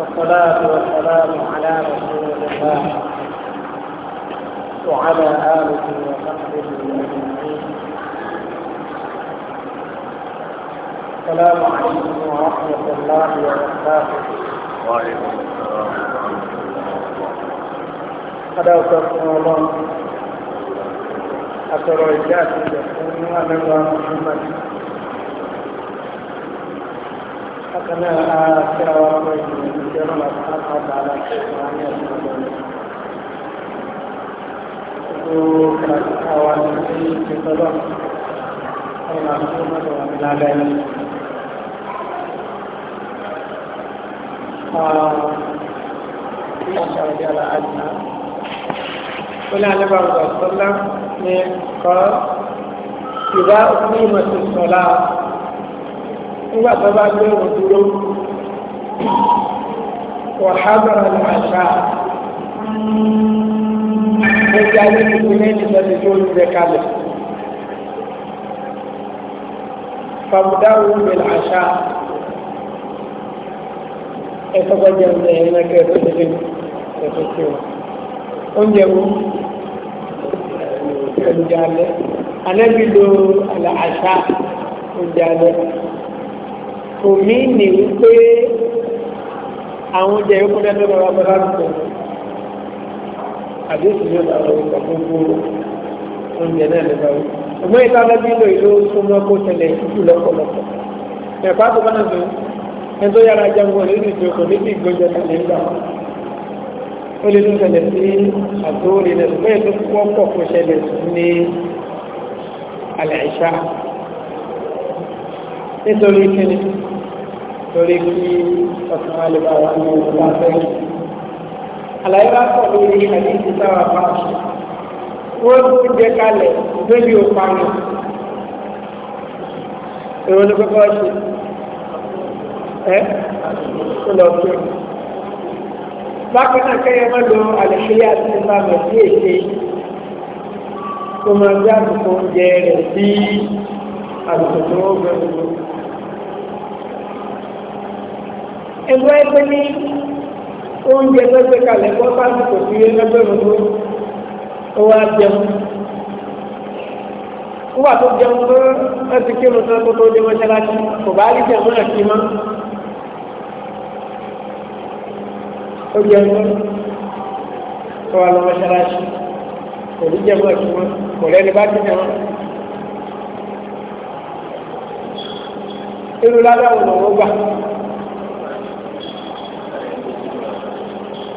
والصلاة والسلام على رسول الله وعلى آله وصحبه أجمعين السلام عليكم ورحمة الله وبركاته وعليكم السلام ورحمة الله وبركاته قد أوصفنا الله أترى الجاسم يكون أنه محمد كما آثر ومجد ìjọba làtà àtàlà ṣẹ̀fà ní ọ̀sán Gbogbo kàtàkà wa ní ìpínlẹ̀ ọ̀nà tó mọ́tò wà ní lábẹ́ yìí. قل عن النبي صلى الله عليه وسلم قال إذا أقيمت الصلاة إذا تبعت وحضر العشاء وكانت الاثنين تدخل بكلب فابدأوا بالعشاء اتفجر لهنا كيف تجد تفكير انجبوا الجالة أنا بدو العشاء الجالة ومين يبقى àwọn oúnjẹ yóò kún lẹ́nu lọ́wọ́ abẹ́rẹ́ àdúgbò àdéhùn yóò dà lọ́wọ́ ìgbà gbogbo oúnjẹ náà lè báwọ̀ ṣùgbọ́n ìta lẹ́bí ìlò ìlú súnmọ́ kó tẹ̀lé ìtútù lọ́pọ̀lọpọ̀ ẹ̀fọ́ àtọ́kọ́ náà fún ẹni tó yára jẹun lórí ìdókòó ní ti ìgbọ́jọ tẹ̀lé ńlá ó lè tún tẹ̀lé sí àtòrí rẹ̀ ṣùgbọ́n ètò púpọ̀ kò ṣẹlẹ̀ ní alẹ́ ìṣá nítorí kíni torí kí ọ̀sán wa lè bá wa ní ọ̀sán wa fẹ́. àlàyé wa pọ̀ lórí àti ìsísá wa bá a ṣe. wọ́n ti jẹ kalẹ̀ débi òpamọ́. èrò ní kókó ṣe. ẹ kó lọ sí ọ. bákan náà kẹ́yẹ má lo àlẹ́fílẹ́ àti ìbámu sí èké kó máa gbé àbùkù oúnjẹ rẹ̀ sí àbùkù tó ń gbẹ gbogbo. ẹgbẹ́ ẹgbẹ́ ní oúnjẹ lọ́gbẹ́ kalẹ̀ kọ́ sáàtì kò sí ẹgbẹ́rún tó ó wá jẹun wúwà tó jẹun tó láti kí ló sọ́kó tó dé mọ́ṣáláṣí kò bá rí jẹun náà kí mọ́ ó jẹun tó wà lọ mọ́ṣáláṣí kò rí jẹun náà kí mọ́ kò lẹ́ni bá ti jẹun. irú ládàá òun lòún gbà.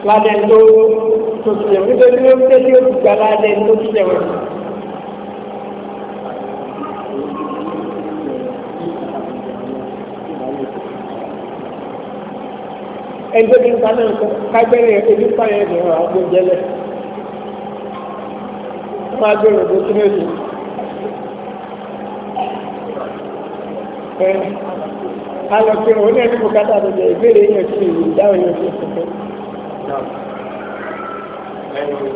ládẹ́ tó tó ṣe wọ́n nítorí ó ṣe tí ó ti gbà ládẹ́ tó ṣe wọ́n. ẹgbẹ́ bí nǹkan náà kọ́ kágbẹ́rẹ́ ebi pààyàn ẹ̀dùn ọ̀hún àgbo jẹlẹ̀ wọ́n máa gbé rògbò sínú èdè. ẹ alọ̀ kí òun ẹni bùkátà tó jẹ ìbéèrè yẹn sí ìdáhùn yẹn sí ìfọ̀kẹ́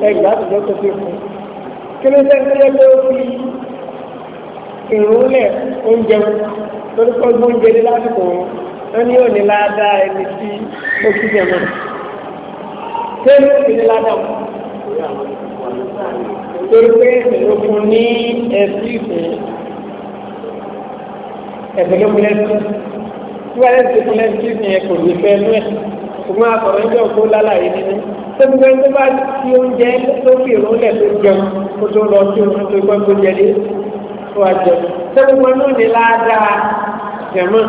ẹgbàá tó jẹ́ tó fi fún kí ló jẹ́ tó yẹ pé ó fi ìrúnlẹ̀ oúnjẹ torí pé ọgbọ́n oúnjẹ ní lásìkò wọn ní òní ládàá ẹni tí ó kí jẹ mọ́ ṣé ló ti ní ládàá torí pé ìlókun ní ẹ̀sìn ìfún ẹ̀sìn lókun lẹ́sìn tí wọ́n lẹ́sìn lókun lẹ́sìn ìfún ẹ̀ kò ní fẹ́ lú ṣùgbọ́n àtọ̀rọ̀ ń jẹ́ òkú lálàyé nínú sẹ́gbẹ́ tó bá ti oúnjẹ tó fi ìrọ̀lẹ́ tó jẹun kó tó lọ sí oúnjẹ tó gbọ́n tó jẹ dé tó wá jẹun sẹ́gbẹ́ náà ní ládàá jẹ̀mọ́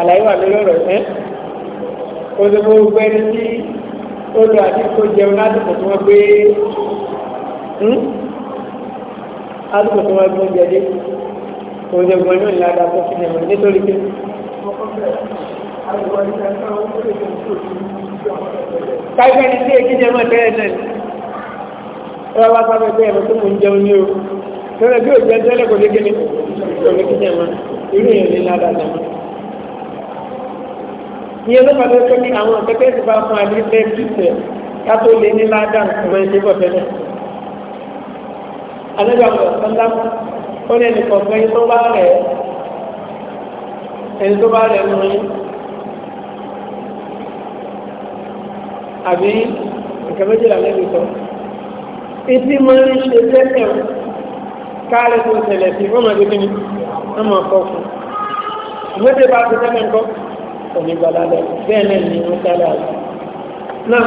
àlàyé wà lórí ọ̀rọ̀ ẹ̀ òṣèlú gbogbo ẹni tí ó lọ àti kó jẹun lásìkò tí wọ́n gbé hmm? lásìkò tí wọ́n gbé oúnjẹ dé òṣèlú gbogbo náà ní ládàá tó fi jẹun nítorí pé káyọ̀ ní sí èkìjẹ mọ́ tẹ́lẹ̀ náà ọ̀rọ̀ wá sábẹ́ pé ẹ̀rọ tó mò ń jẹun ní o lọ́rọ̀ bí òjò ẹjọ́ lẹ́kọ̀ọ́ lé kíni òní kíjẹ mọ́ irú yẹn ní ládàá náà ìyẹn ló pàtó pé kí àwọn akẹ́kẹ́ ti bá fún adé fẹ́ kíkẹ́ ká tó lé ní ládàá nǹkan ẹ̀ṣẹ́ bọ̀ tẹ́lẹ̀ bá bọ̀ àbí nǹkan méjìlá lẹ́nu sọ ìtì máa ń ṣe tẹ́tẹ̀ káàrẹ́ tó ṣẹlẹ̀ sí wọ́n máa dé kíni wọ́n máa kọ́ fún ìwé tẹ́ bá ti tẹ́lẹ̀ ńkọ́ kò ní gbàdá lẹ bẹ́ẹ̀ náà ni wọ́n tẹ́lẹ̀ àlọ́ náà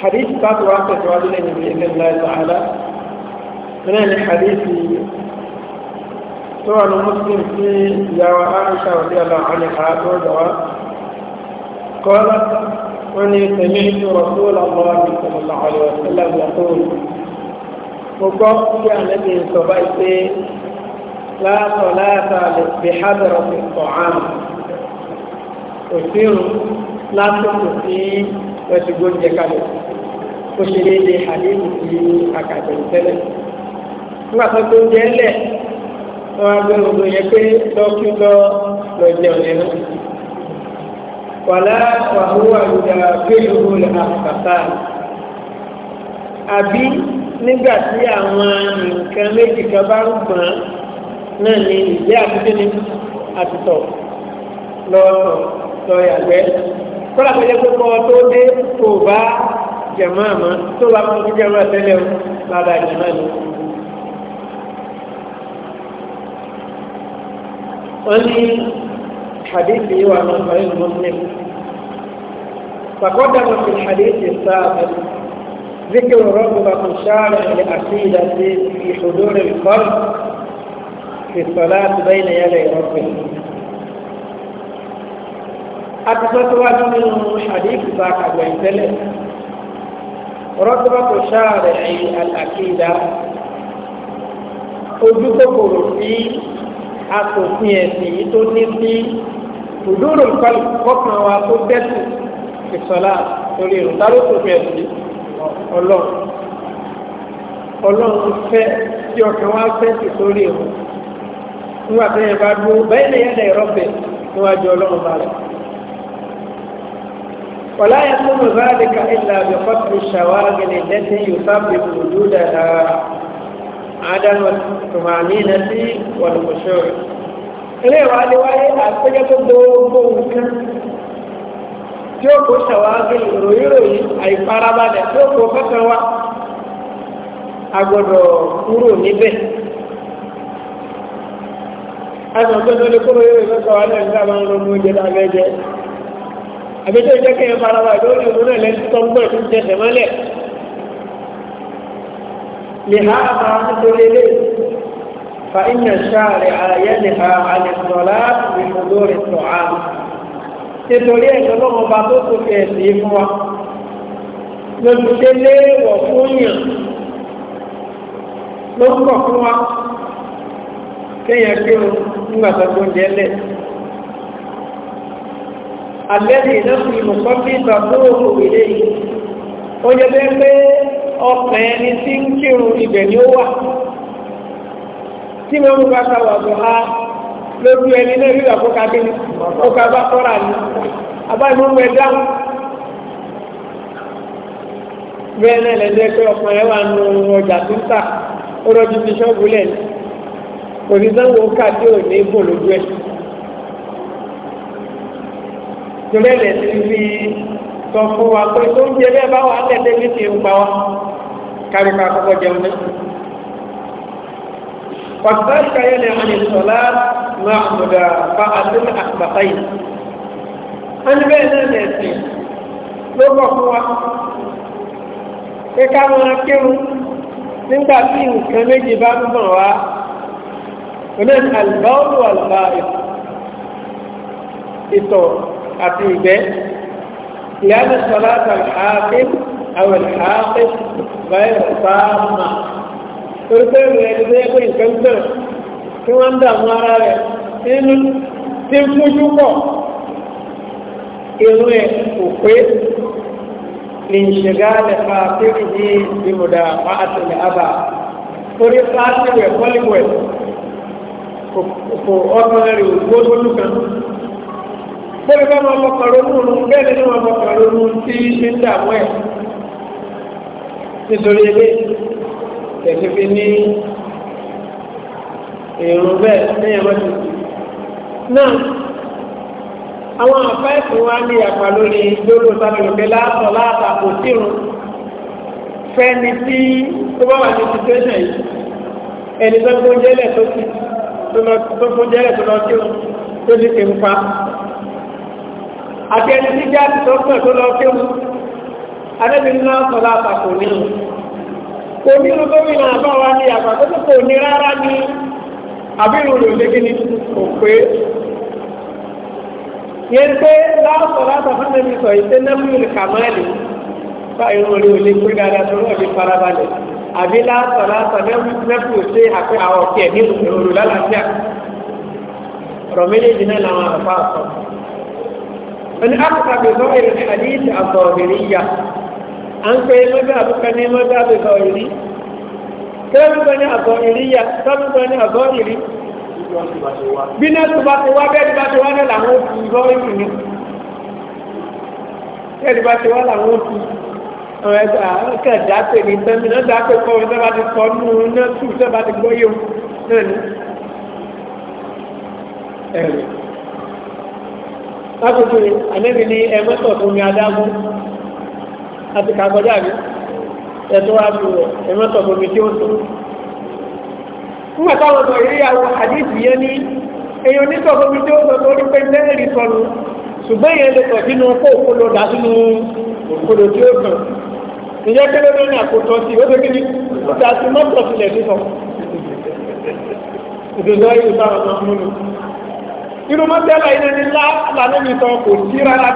hadith bá wà ní muslim sí ìyàwó aisha wàdí وني سمعت رسول الله صلى الله عليه وسلم يقول وقفت الذي سبيت لا صلاة بحضرة الطعام وسير لا تقصي وتقول جكالي وشري لي حديث في أكاد السنة ما تقول جلة وأقول يكي لو كي لو لو wàlá wàhúwà ìdàgbéhùn olùhàkàtà àbí nígbà tí àwọn nǹkan méjì kan bá ń gbọ́n náà ni ìgbẹ́ àtúntò ní àtúntò lọ́ọ̀tọ̀ lọ́ọ̀yàgbẹ́ kọ́lá pẹ̀lú pé kọ́ tó dé kò bá jẹ̀mọ́ àmọ́ tó bá kọ́ tó jẹ̀mọ́ àtẹ́lẹ̀ o lára jẹ̀mọ́ ni. wọ́n ní حديث يوى من صحيح مسلم تقدم في الحديث السابق ذكر رغبة الشارع لأسيدة في حضور القلب في الصلاة بين يدي ربه واحد من حديث ذاك ويتلف رغبة الشارع الأكيدة ojúkòkòrò sí أكثر ẹ̀sìn yìí tó òdòdó nǹkan kọkàn wa tó dẹ́sù ìsọ̀lá torí ìrùn tá ló tó fẹ́ sí ọlọ́run ọlọ́run fẹ́ tí ọkàn wa fẹ́ sí torí ìrùn nígbà tí yẹn bá dúró bẹ́ẹ̀ ni yẹn lè rọ́bẹ̀ níwájú ọlọ́run bá rẹ̀. ولا يكون ذلك إلا بقتل الشواغل التي يسبب وجودها عدم الطمأنينة والخشوع ilé ìwádìí wáyé àpéjọ tó gbogbo nǹkan tí ó kó ṣàwárí ìròyìnròyìn àìfarabalẹ̀ tí ó kó fẹ́fẹ́ wá agbọ́dọ̀ kúrò níbẹ̀. Àìsàn tó lórí kúrò yóò ìfẹ́sọ̀ wá lẹ́yìn sábà ń ronú oúnjẹ lábẹ́ jẹ. Àbí tó jẹ́ kẹ́yìn farabalẹ̀ lórí ìrònú ẹ̀lẹ́ tó ń gbọ́ ìtúnjẹ tẹ̀mọ́lẹ̀. Lè ha àbá nítorí eléyìí فإن الشارع ينهى عن الصلاة بحضور الطعام nítorí ẹ̀jọ́ lọ́wọ́ bá tó tó fi ẹ̀sìn fún wa lójú ṣe léèwọ̀ fún yàn ló ń kọ̀ fún wa kéèyàn kí o nígbà tó tó ń jẹ́ lẹ̀ àgbẹ̀dì iná fi ìmọ̀kọ́ bí ìtàkùrò òwìlé yìí ó yẹ bẹ́ẹ̀ pé ọkàn ẹni tí ń kírun ibẹ̀ ni ó wà tí wọ́n mú bàtà wà bọ̀ ha lójú ẹni náà rí ìgbàgbọ́ ká bí ọkọ̀ bá kọ́ra ni abáyé mú mú ẹ dáhùn. bẹ́ẹ̀ náà lẹ́jẹ́ pé ọkàn ẹ̀ wà nù ọjà tó ń tà ó rọ́jú ti ṣọ́ọ̀bù lẹ̀ ní onídánwò ká tí ò ní bò lójú ẹ̀. torí ẹ̀ ti fi sọ fún wa pé tó ń jẹ bẹ́ẹ̀ bá wà á tẹ̀lé ní ti ń pa wa kárí ká kọ́kọ́ jẹun náà. والذلك يلي عن الصلاة مع مدافعة الأخبطين أنا بين الناس lọ́gbọ̀ fún wa pé ká máa kírun nígbà tí nǹkan méjì bá ń bọ̀ wá onáà ní àlùbáwọ́lù àlùbá ìtọ̀ àti ìgbẹ́ ìyá ní sọlá àtàlùhàáfẹ́ àwọn ìhàáfẹ́ báyìí rẹ̀ bá máa torí pé ìwé ẹni tó yẹ pé nǹkan tán tí wọ́n ń dààmú ara rẹ̀ nínú tí ń fújú pọ̀ irú ẹ̀ kò pé ìṣẹ̀gáàlẹ̀ fàáfíì ní ìmùdà fàátìlẹ̀ àbà torí fàátìlẹ̀ rẹ̀ pọ́lìwọ̀ ẹ̀ kò ọkàn rẹ̀ ògbó lókàn bẹ́ẹ̀ bá máa mọ̀kàn ronú bẹ́ẹ̀ ni wọ́n mọ̀kàn ronú tí ń dààmú ẹ̀ nítorí eléyìí tẹ̀sí fi ní èrò bẹ́ẹ̀ lẹ́yìn ọmọ tuntun. náà àwọn àfáìsì wa ní àpá lórí lórí sábẹ̀lùpẹ̀ látọ̀ látàkò sírun fẹ́ni tí tó bá wà ní situation yìí ẹni tó tó jẹ́lẹ̀ tó ti tó tó jẹ́lẹ̀ tó lọ sí o tó ní ti ń pa àti ẹni tí jáde tó pẹ̀ tó lọ sí o adébìnrin náà sọ látàkò nínú kò ní irú gómìnà àbáwá ní àgbàdo tó kò ní rárá ní àbírù rẹ̀ lẹ́gìnì kò pé yẹn pé láàpọ̀ látà fún mi sọ ìṣe nẹ́mìlì kàmáàlì fa irun orí olè pé dáadáa tó náà lè farabalẹ̀ àbí láàpọ̀ látà nẹ́fù ṣe àpé àwọn ọ̀kẹ́ ní òru lálàáfíà ọ̀rọ̀ méjèèjì náà làwọn àfa àfọ̀. ẹni àkùkà bẹ̀rẹ̀ ìrìn àdíyìí àbọ̀ òbí à ń pe mọ́tò àbúkọ ní mọ́tò àbúkọ ìrí kẹ́mùkọ ní àgọ́ ya yá kẹ́mùkọ ní àgọ́ ìrí bí náà tó bá ti wá bẹ́ẹ̀ tó bá ti wá náà làwọn òkú ìbọn ìlú na ti àti kàkọjá rí ẹ̀tọ́ wá bí rẹ̀ ẹ̀mọ́tọ̀ gbogbo tí ó tó nígbà táwọn ọmọ ìríyàwó àdéhùn yẹn ní èèyàn onítọ̀ gbogbo tí ó tó tó rí pé lẹ́rìí sọnù ṣùgbọ́n ìyẹn lè tọ̀ sínú kó òkúlò dá sínú òkúlò tí ó kàn ìjẹ́ kí ló lórí àkótọ́ sí ó tóbi ní ìta sí mọ́tò sílẹ̀ sísọ ìdòdó yìí bá wọn mú mi irú mọ́tò ẹ̀la lá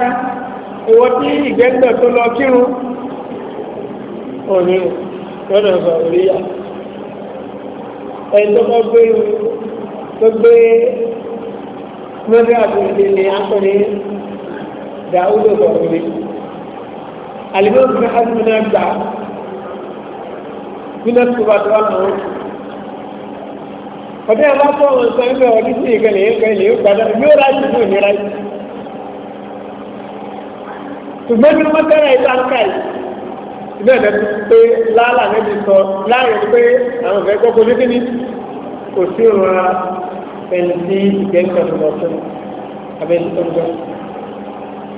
ìwọ tí ìgbẹ́ngbẹ̀ tó lọ kírun òní lọ́nà ìgbàlóríyà ẹni tó kọ́ gbé tó gbé mẹ́rin àtúndì ni a kọ́ ní dàúdò gbàlórí àlùmọ́ ìgbà àtúndì náà gbà nínú ìtura tó wà náà ọdún ẹ̀ bá tọ́ ọ̀sán ẹgbẹ́ ọdún sí ìkẹlẹ̀ ìkẹlẹ̀ ìpadà yóò rájú fún ìnira yìí ṣùgbọ́n ní wọ́n tẹ́lẹ̀ ìta ń ká yìí bẹ́ẹ̀ lẹ́nu pé lálà níbi sọ láàrin pé àwọn ọ̀fẹ́ gbọ́ kojú kí ni kò sí ìrora ẹni tí ìgbẹ́ǹkà tó lọ fún abẹ́ni tó ń gbọ́.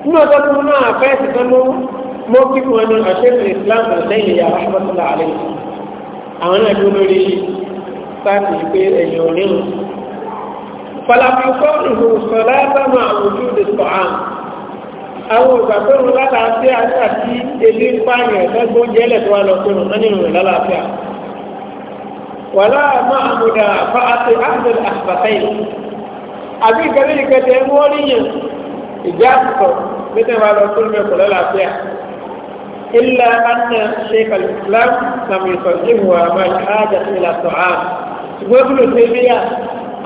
nínú ọjọ́ tó náà afẹ́ ti tán mú mọ́ kí wọn ní àṣẹ́fì Islam lẹ́yìn ìyá rahmatullah alayhi àwọn náà dúró lórí sáàtì pé ẹ̀yìn òní mu. falafikọ́ ìhùwùsọ̀ lábàmà àwùjọ ìdìbò àwọn ìgbàgbọ́rùn lálàáfíà àti èlé pààyàn lẹ́gbọ́n jẹ́lẹ̀ tó wà lọ pé wọn nínú rẹ̀ lálàáfíà wàlá máa mú dà fa àti àgbẹ̀lẹ̀ àfàtàyè àbí ìkẹ́lẹ́ ìkẹ́tẹ́ ń wọ́n níyàn ìjà àkùkọ mẹ́tẹ́ wà lọ pé mẹ́kọ̀ lálàáfíà ilà anna sheikh al-islam sàmì ìsọ̀jì wà máa ṣe ájà sí ìlà sọ̀ án ṣùgbọ́n bí ló bí yà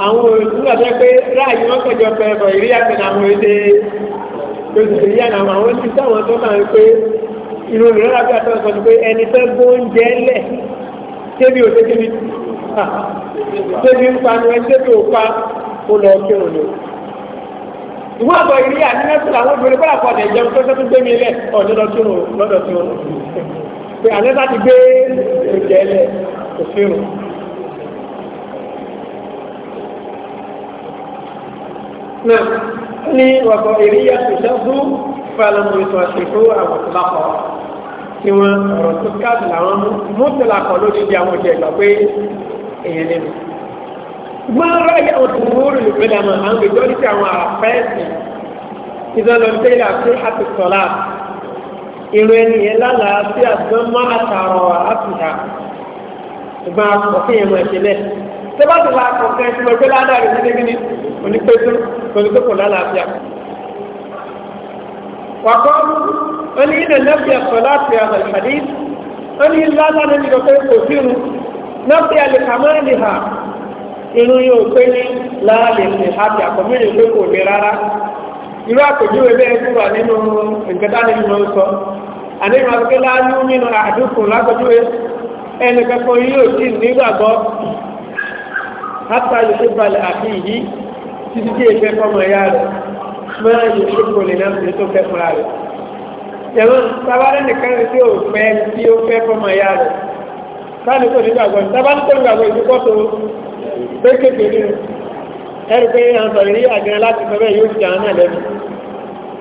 àwọn òṣìṣẹ́ pé ráàyè wọn kọjọ pẹ̀lú ìrí àgbẹ̀ àwọn lóṣìṣẹ́ yíyá náà àwọn ti sáwọn tó máa ń pé irú rẹ̀ lábẹ́ àtọ́sọ ni pé ẹni fẹ́ gbóúnjẹ lẹ̀ débi òṣè débi débi ń pa ni ẹ débi òpa kó lọ kí òun lò. ìwọ àgbọ̀ ìrí àníyànjú làwọn obìnrin bá àpò ọ̀dẹ̀ ìjẹun tó tẹ́tún gbé mi lẹ̀ ọ̀dẹ̀ lọ kí òun lọ́dọ̀ kí òun lò. pé àlẹ́ bá ti gbé oúnjẹ lẹ̀ kò sí òun. náà ní ọkọ̀ ìrìyà ìṣẹ́gun fàlàmù ìtọ̀ṣẹ̀kọ́ àwọn ìtọ́lápọ̀ tí wọ́n ọ̀rọ̀ tó káàdì làwọn mọ́tòlákọ̀ lórí di àwọn ìjẹ̀gbà pé èèyàn lè mú. gbọ́n ráyà òtún wúrù lùpẹ̀lẹ̀ àmọ́ àwọn ìjọ́rí ti àwọn àfẹ́ẹ̀sì ìdánlọ́tẹ́ ilẹ̀ àti àtìsọ́lá ìrò ènìyàn lálàá sí àdánmọ́ àtàrọ̀ àtìsà ìgbà àkọ́kọ́ tẹ́bàtì la kò kẹ́ ẹ́ tìlọ́gbé ládàá rẹ̀ nílé gíní onípẹ́tù onípẹ́kù lálàáfíà. Wàkọ́ ó ní ilẹ̀ nẹ́fìà sọ láti àmà ìpàdé ó ní lálàá nínú ìdọ̀kẹ́ kò sírun nẹ́fìà lè kà máa lè hà irun yóò pé ní lára lè lè ha bí àkọ́mílì pé kò lè rárá. Irú àpèjúwe bẹ́ẹ̀ tó wà nínú ìgbẹ́ta nínú ló ń sọ. Àní ìmọ̀ àti kí láàánú nínú àdúkù lágbàjúwe ẹnì kankan yóò sì nígbàgbọ́ hátà yóò ṣe balẹ̀ àfi yìí títí tí èfẹ́ fọmọ ẹ̀yà rẹ̀ máa yóò ṣe kòlè náà fi tó fẹ́ fúnra rẹ̀. ẹ̀rọ sábàárẹ̀ nìkan tí ó fẹ́ tí ó fẹ́ fọmọ ẹ̀yà rẹ̀ sáàni kò ní gbàgbọ́ sábàárẹ̀ kò ní gbàgbọ́ ìdúkọ́ tó pé kékeré ẹ̀rù pé àǹtọ̀ rí àgbẹ̀ láti fẹ́ bẹ́ẹ̀ yóò fi àwọn náà lẹ́nu.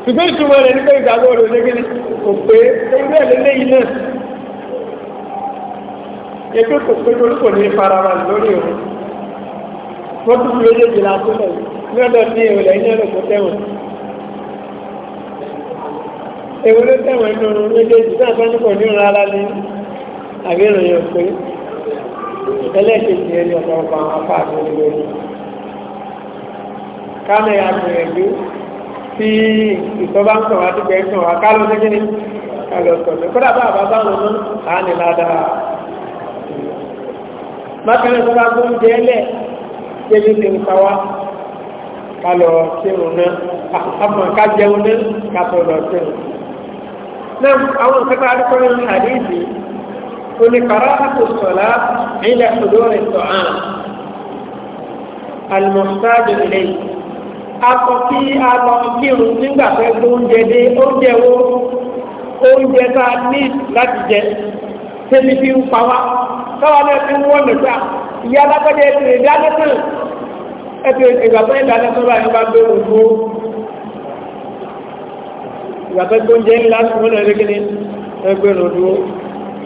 ṣùgbọ́n ìtumọ̀ rẹ̀ ní pé ìgbàgbọ́ rẹ̀ lẹ́gbẹ̀ẹ́ kò pé ewúrẹ́ lélẹ́yìn náà ètò kò pé olùkọ́ ní farabalẹ̀ lórí òun wọ́n tún fi méjèèjì la tó lẹ̀ ní ọ̀dọ̀ ní ìrọ̀lẹ́ ní ọ̀dọ̀ tó tẹ̀wọ̀n. èwo ló tẹ̀wọ̀n nínú méjèèjì náà tó ń kọ̀ ní ìrọ̀ ara ní àbí ìròyìn òpin ẹlẹ́ẹ̀kejì ẹni ọ̀pọ̀lọpọ̀ àwọn afá àti olùgbé ni. kánẹ̀ àgbìyànjú tí ìtọ́ba ń sọ̀rọ̀ àti gbẹ̀ẹ́ sọ̀rọ̀ akálọ́ ní kíni kálọ̀ sọ̀rọ̀ kódà bá àbá báwọn náà àánì ládàá. mákànnì tó bá gbóúnjẹ lẹ̀ jẹ́lé ní ìpawá kálọ̀ kírun náà àmọ̀ ká jẹun náà kátọ̀ lọ kírun. náà àwọn ìpẹ́pẹ́ adúgbò ní àdéhìí ó ní kàrá àtòsọ̀lá ilẹ̀ òdòrè sọ̀hán alimọ̀sáàdì ilé akọ kí a lọ kírun nígbà fẹ́ gbóúnjẹ dé oúnjẹ wo oúnjẹ tá a ní láti jẹ tẹ́lifí ń pa wá káwa náà fi ń wọ́n nígbà ìyá alágbẹ́dẹ ẹ̀sìn ìdáná náà ẹ̀sìn ìgbàgbọ́ ìdáná tó bá yẹn bá gbé òkú ìgbàgbọ́ tó ń jẹ́ ńlá wọn náà lékele ẹgbẹ́ òdu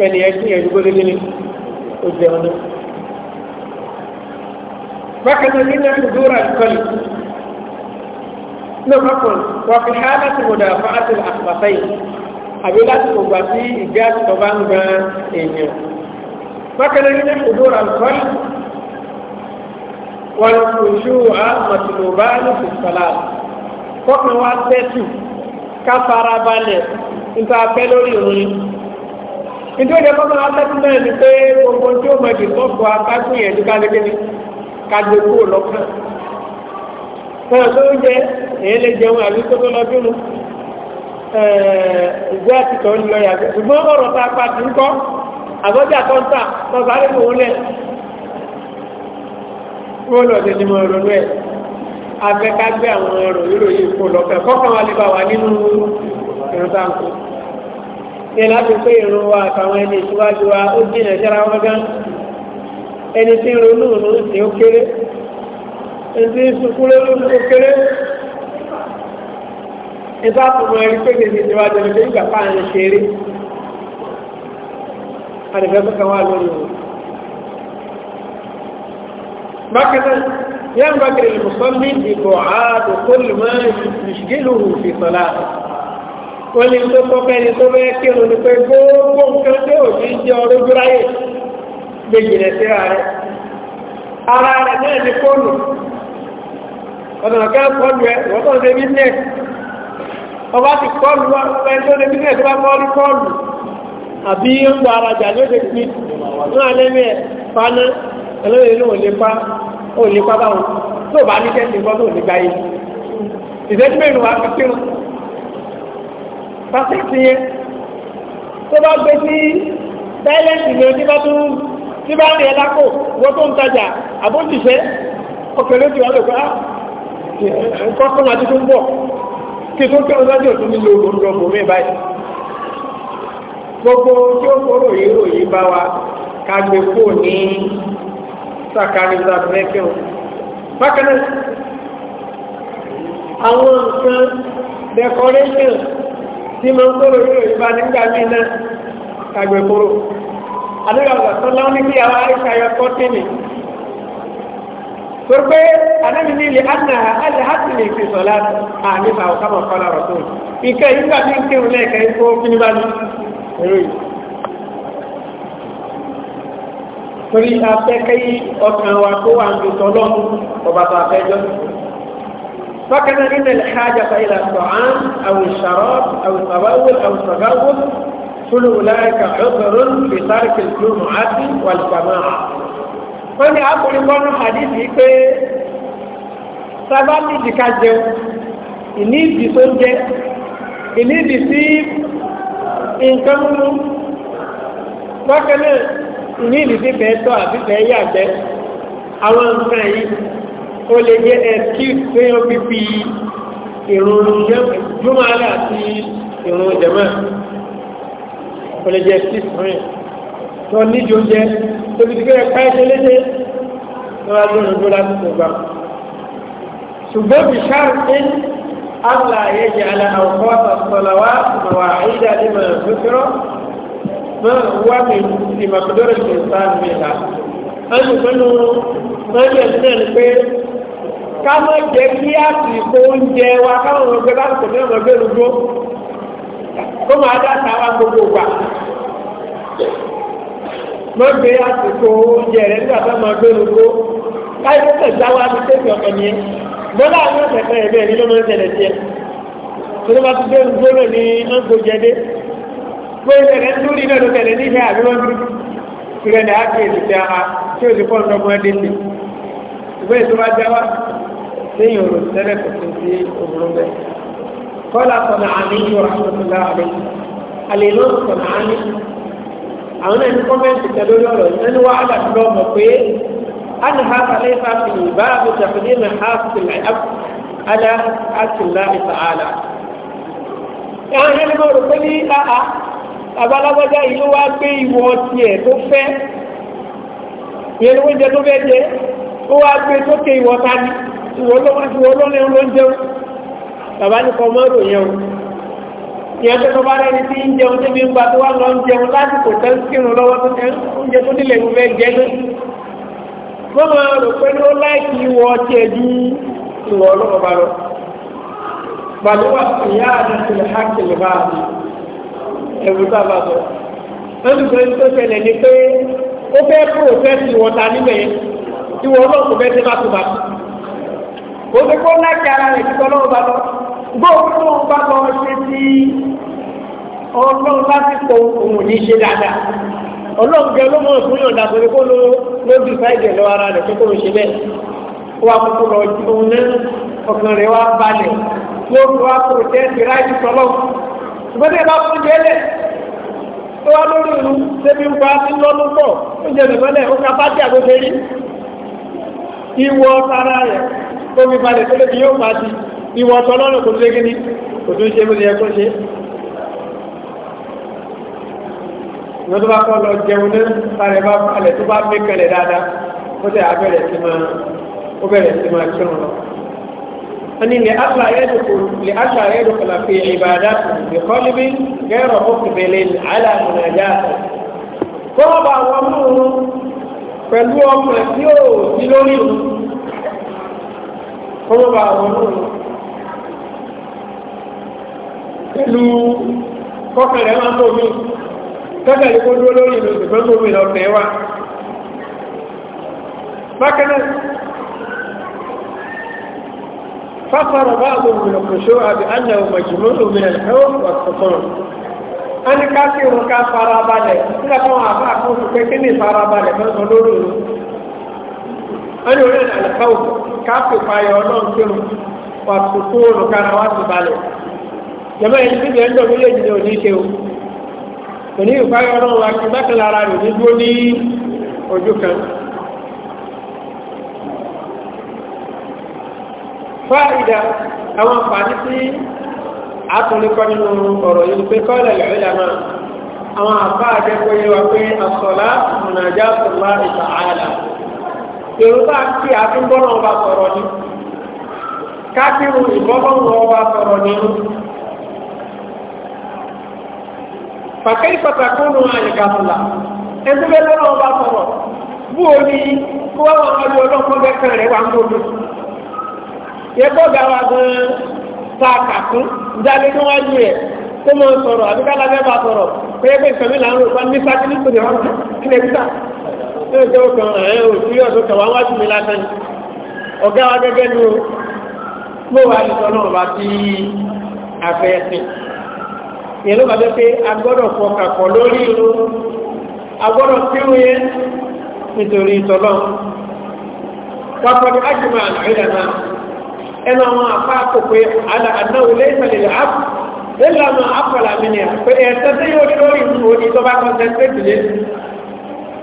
ẹni ẹ̀sìn ẹ̀dúgbò lékele ó jẹ ọ̀nà. bákan náà nínú ìdúrà ìkọlù náà kọ́kùn wọ́n bákan ní ìdúrà nǹkan wọn kò ṣú à màtìlóbá ní fìfàlà kọ́kàn wá tẹ́tù ká fara balẹ̀ nípa afẹ́ lórí òun nítorí ìjọba kọ́kàn wá tẹ́tù náà ni pé gbogbo tí ó mọ̀jì sọ́kọ̀ akágún yẹn ní kálẹ́kẹ́ ni ká gbé kúrò lọ́kàn fẹ́ràn tó èyí lè jẹun àbí tó tó lọ́dún ìgbé àtìkọ́ ń lọ yàgbẹ́ ṣùgbọ́n ọ̀rọ̀ tá a pa ti ń kọ́ àbọ́jà kọ́ńtà lọ́sàárẹ̀ mò ń lẹ̀ wọ́n lọ sí ni mo ronú ẹ̀ afẹ́kágbé àwọn ọ̀rọ̀ yóò yìí kó lọ́kẹ́ kọ́kàn wa lè bá wà nínú ìrún táǹkù ní láti pé ìrún wa àtàwọn ẹni ìṣíwájú wa ó jìnà síra wọn gan ẹni tí ń ronú òun sí ó kéré ẹni tí ń sunkún lórí ó kéré ìsáàpù mọ ẹni pé kèsì ìṣíwájú ẹni tó ń gbà fáàrin ṣeré àdìfẹ́ kankan wà lórí wọn. bákan náà yẹn bá kiri mùsọ́lì ìbò àádó tó lè máa ìṣìgélò fi sọ́lá wọ́n ní tó kọ́ bẹ́ẹ̀ ni tó bẹ́ẹ̀ kírun ni pé gbogbo nǹkan tó ò ní jẹ́ ọdún gbúráyè gbé jìnà síra rẹ̀ ọ̀nà tó ti kọlu wọn ẹni tó ń ṣe bísíẹ̀sì wọn kọlu kọlu àbí ń gba arajà ló ṣe pín náà lẹ́nu ẹ̀ paná ẹlẹ́yìn náà ò lè pa ò lè pa báwọn tó bá ní kẹ́sì nǹkan tó lè gba yìí ìṣẹ́jú mẹ́rin wà fi kírun pàṣẹ́sì yẹn tó bá gbé sí táìlẹ́ǹtì ní ọdí bá tún tí bá rìn ẹ lákò wọ́n tó ń tajà àbójìṣẹ́ ọkẹ̀lẹ́ ti wà lè pa ah, nǹkan kan àti tó ń bọ̀ kí tó kẹ́rù gbogbo tí ó kóró yìí ròyìn bá wa ká gbé kó ní sàkárí zabrẹ́kẹ̀ọ́ bákan náà àwọn nǹkan decoration tí máa ń kóró yìí ròyìn bá nígbà míì náà ká gbé kóró àdúgbò àgbàsán láwọn ní kí àwọn àìsàyọ kọ́tìnì tó pé anábìnrin ilẹ̀ anna alhassan fi sọ̀lá àmì àwọn kámọ̀ kọ́lá rọ̀ tó nǹkan ìgbà tí ń kírun lẹ́ẹ̀kẹ́ ikú fínibálú torí afẹ́kẹ́yí ọkàn wa kó wà ń dùtọ̀ lọ́mú ọba tó afẹ́jọ́ فكان من الحاجة إلى الطعام أو الشراب أو التبول أو التغول كل أولئك عذر في ترك الجمعة والجماعة wọ́n ní akọrin gbọ́nà hadithi pé sábà ní ìdíkà jẹun nǹkan mú bákan náà ní ìdí bẹ́ẹ̀ tọ́ àbí bẹ́ẹ̀ yàgbẹ́ àwọn nǹkan yìí ó lè jẹ́ ẹ̀kí fẹ́yàn pípi ìrùn jùmọ̀lá àti ìrùn jẹ̀mọ́ ó lè jẹ́ ẹ̀kí fẹ́yàn tó níjó jẹ́ tóbi tí kẹ́rẹ́ káyọ̀ lédè lọ́wọ́ lónìí bó láti tó gbà ṣùgbọ́n bìṣáà ń ألا يجعل أوقات الصلوات مواعيد لما ذكر ما هو من لمقدور الإنسان بها أن منه ما يمكن ká má jẹ́ kí àsìkò oúnjẹ wa káwọn ọmọ ẹgbẹ́ lásìkò ní ọmọ ẹgbẹ́ lójó kó máa dáta wa gbogbo wa má gbé àsìkò oúnjẹ rẹ nígbà tó máa gbé lójó láì tẹ̀síwájú tẹ̀sí ọ̀kẹ́ ni bọ́lá àwọn ọ̀sẹ̀ kan ẹ̀bẹ̀ ní ló máa ń ṣẹlẹ̀ tiẹ̀ tó ló bá tún gbé gbóló ní ọ̀gbọ̀jẹ̀dé gbóyèsẹ̀lẹ̀ ń lórí náà ló tẹ̀lé níṣẹ́ àbí wọ́n ti tirẹ̀ ní àkíyèsí tí a tí ó ti pọ̀ nínú ọmọdé sí ìgbé tó bá jẹ́ wá lẹ́yìn òrò tẹ́lẹ̀ kò sí sí òmùrún bẹ́ẹ̀. kọ́lá sọ̀nà أنها عليها في باب تقديم حافظ العبد على حق الله تعالى ẹ̀hán ẹni mo rò pé ní àá abalagbada yìí ló wá gbé ìwọ tiẹ̀ tó fẹ́ ìyẹn oúnjẹ tó fẹ́ jẹ ó wá gbé sókè ìwọ ta ni ìwọ ló wá ìwọ ló lẹ́nu ló ń jẹun bàbá ní kọ́ mọ́rò yẹn o ìyẹn tó tó bá rẹ́ni tí ń jẹun débi ń gba tó wá lọ ń jẹun lásìkò tó ń kírun lọ́wọ́ tó ń oúnjẹ tó nílẹ̀ ìwọ fẹ́ jẹ náà wọ́n máa rò pé ló láìkí wọ ọtí ẹjú ìwọ̀ ọlọ́wọ́ bá lọ. Bàlúwà ìyá àdàtìlẹ̀ hákìlì bá àdì ẹ̀rù bá bá bọ̀. Wọ́n ti gbé tó ṣẹlẹ̀ ni pé ó fẹ́ pòròfẹ́sì ìwọ̀ta nílẹ̀ ìwọ̀ ọlọ́wọ́ kò fẹ́ ṣe bá tó bá tó. Kò sí kó láìkí ara rẹ̀ kíkọ́ ọlọ́wọ́ bá lọ. Gbóòkú tó ń bá lọ ṣe ti ọlọ́run lásìkò òun ní ṣe dáadáa ọlọ́run gẹ ló mọ̀ fún yọ̀ǹda pé kó ló ló bí fáìdẹ̀ lọ ara rẹ̀ pé kó ló ṣe bẹ́ẹ̀ ó wà kókó lọ òun náà ọkàn rẹ̀ wá balẹ̀ tó fi wá kó tẹ́ẹ̀tì ráìtì sọlọ́ ṣùgbọ́n tí ẹ bá fún jẹ́lẹ̀ tó wá lórí ìlú débi ń sí lọ́dún pọ̀ ó jẹ mẹ́mọ́lẹ̀ ó ka bá jà rí ìwọ sára rẹ̀ tó fi balẹ̀ tó lè yóò pa ìwọ sọlọ́run ni kò tó ìwọ́n tó bá kọ́ lọ jẹun náà sáré bá falẹ̀ tó bá mí kẹlẹ̀ dáadáa ó tẹ̀ abẹ́rẹ́ sí máa ó bẹ̀rẹ̀ sí máa kírun lọ. wọ́n ní lè àṣà ayé dùkú la fi ìbàdà lè kọ́lé bí gẹ́rọ òkùnbẹ̀lẹ̀ àlà àmàlàjà. kọ́ọ̀ bá wọn mú un pẹ̀lú ọmọ tí ó di lórí un kọ́ọ̀ bá wọn mú un pẹ̀lú kọ́kẹ̀rẹ́ máa ń bọ̀ kọ́kà yìí kó dúró lórí ìlú ṣùgbọ́n gbogbo ìlọ fẹ́ wa bákan náà fásọ̀rọ̀ bá àwọn òmìnira kò ṣó àbí àjà òmìnira òmìnira ìfẹ́wọ́ ọ̀sọ̀tọ̀rọ̀ a ní ká sí òun ká farabalẹ̀ nígbà táwọn àbá àkóso pé kí kò ní ìfáyọ̀ ọlọ́run wa kí bákan lára rẹ̀ ní dúró ní ojú kan. fáìdà àwọn àǹfààní tí àtúnlẹ́kọ́ nínú ọ̀rọ̀ yìí pé kọ́lẹ̀ ìrìnlẹ̀ náà àwọn àbá àjẹ́kọ́ yé wa pé àsọ̀lá ìrìnàjá sọ̀lá ìtàhálà yorùbá kí àtúnbọ́nà ọba sọ̀rọ̀ ni kákírù ìbọ́bọ́nà ọba sọ̀rọ̀ ni pàkẹ́ ìpàtàkùnù àyíkàtùlà ẹgbẹ́ bẹ́ẹ̀ lọ́nà ọba sọ̀rọ̀ bú o kó wá wọn wájú ọlọ́pọ̀ bẹ́ẹ̀ kan rẹ̀ wá ń gbòdò yẹ kó ga wa gan ta kàkún jáde ní wájú rẹ̀ kó mọ sọ̀rọ̀ àbí bá sọ̀rọ̀ pé ìfẹ̀mí là ń rò fún ní kí ní yẹn ló bá bẹ pé a gbọ́dọ̀ fọkà pọ̀ lórí irú a gbọ́dọ̀ kírun yẹn nítorí ìtọ́lọ́ wàkọ̀dé ájùmọ̀ àlàyé náà ẹnu àwọn afá kò pé àlà àdáwò lẹ́yìn lè áp lẹ́la àwọn afọ̀là mi ni pé ẹ̀sẹ̀ tí yóò ní lórí ìlú òní tó bá kọ́ńtẹ́ńtẹ́tì lé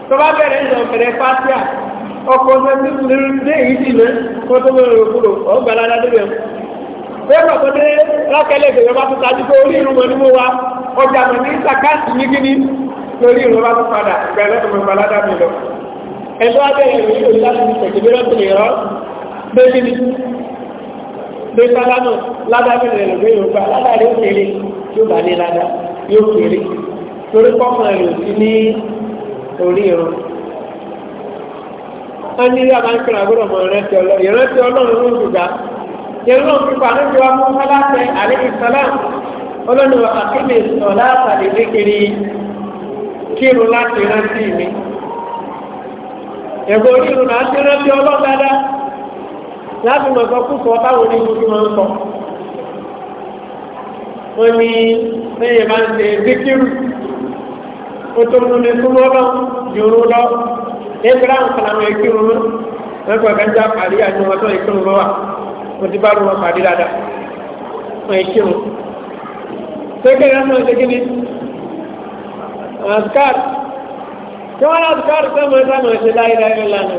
tó bá bẹ̀rẹ̀ ìlọ bẹ̀rẹ̀ fásíà ọkọ̀ ọ̀sẹ̀ tí lè dé ìdí kó tó bẹ̀rẹ̀ òkúrò ọ̀gbàlá bẹ́ẹ̀ tó dé lákẹ́lẹ́ ìṣẹ̀lẹ̀ bá tún tajú pé orí irun mọ̀nú wa ọjà mọ̀ ní sàkáàtì ní gíní lórí irun bá tún padà ìgbà ẹ̀lọ́dún mọ̀ balada mi lọ. ẹ̀lọ́ abẹ́ ìròyìn lórí láti fi pẹ̀lú bẹ́ẹ̀ tó lè rọ́ bẹ́ẹ̀ gíní bẹ́ẹ̀ ní ládá yóò kéré torí pọ́pọ̀ rẹ̀ ò sí ní jẹ́rú pípa lójú wa mú fọláṣẹ àlejò sọlá olóòlù àkíbi sọlá àtàlẹ́ lékeré kírun láti rántí mi. ẹ̀gbọ́n onírun náà ti rántí ọlọ́dàdá láti mọ̀ sọ kú sọ táwọn onígun tí wọ́n ń sọ. wọ́n ní lẹ́yìn máa ń ṣe zikiru ó tó múni súnmọ́ lọ jòrò lọ ẹgbẹ́ àwọn kan àwọn ìkírun mọ́ ẹgbẹ́ kan já àjọ ọjọ́ ìkírun lọ́wọ́ mo ti bá rú wọn pàdé dáadáa wọn yìí kírun sẹ́kẹ̀rì náà máa ń segin ní àzùkár tí wọ́n láàzùkár tó máa sá máa ṣe láyé láyé lánàá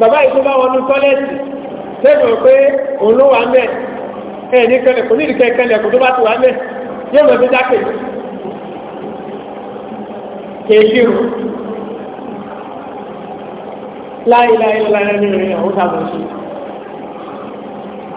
bàbá ìtura wọnú tọ́lẹ́tì sẹ́kọ̀ pé òun ló wà mẹ́ ẹ̀ ní kẹlẹ̀ kò ní ìdíkẹ́ kẹlẹ̀ kò tó bá ti wà mẹ́ yóò mọ̀ sí dákè kéjìrù láyé láyé lánàá nínú ìyàwó sábà ṣe.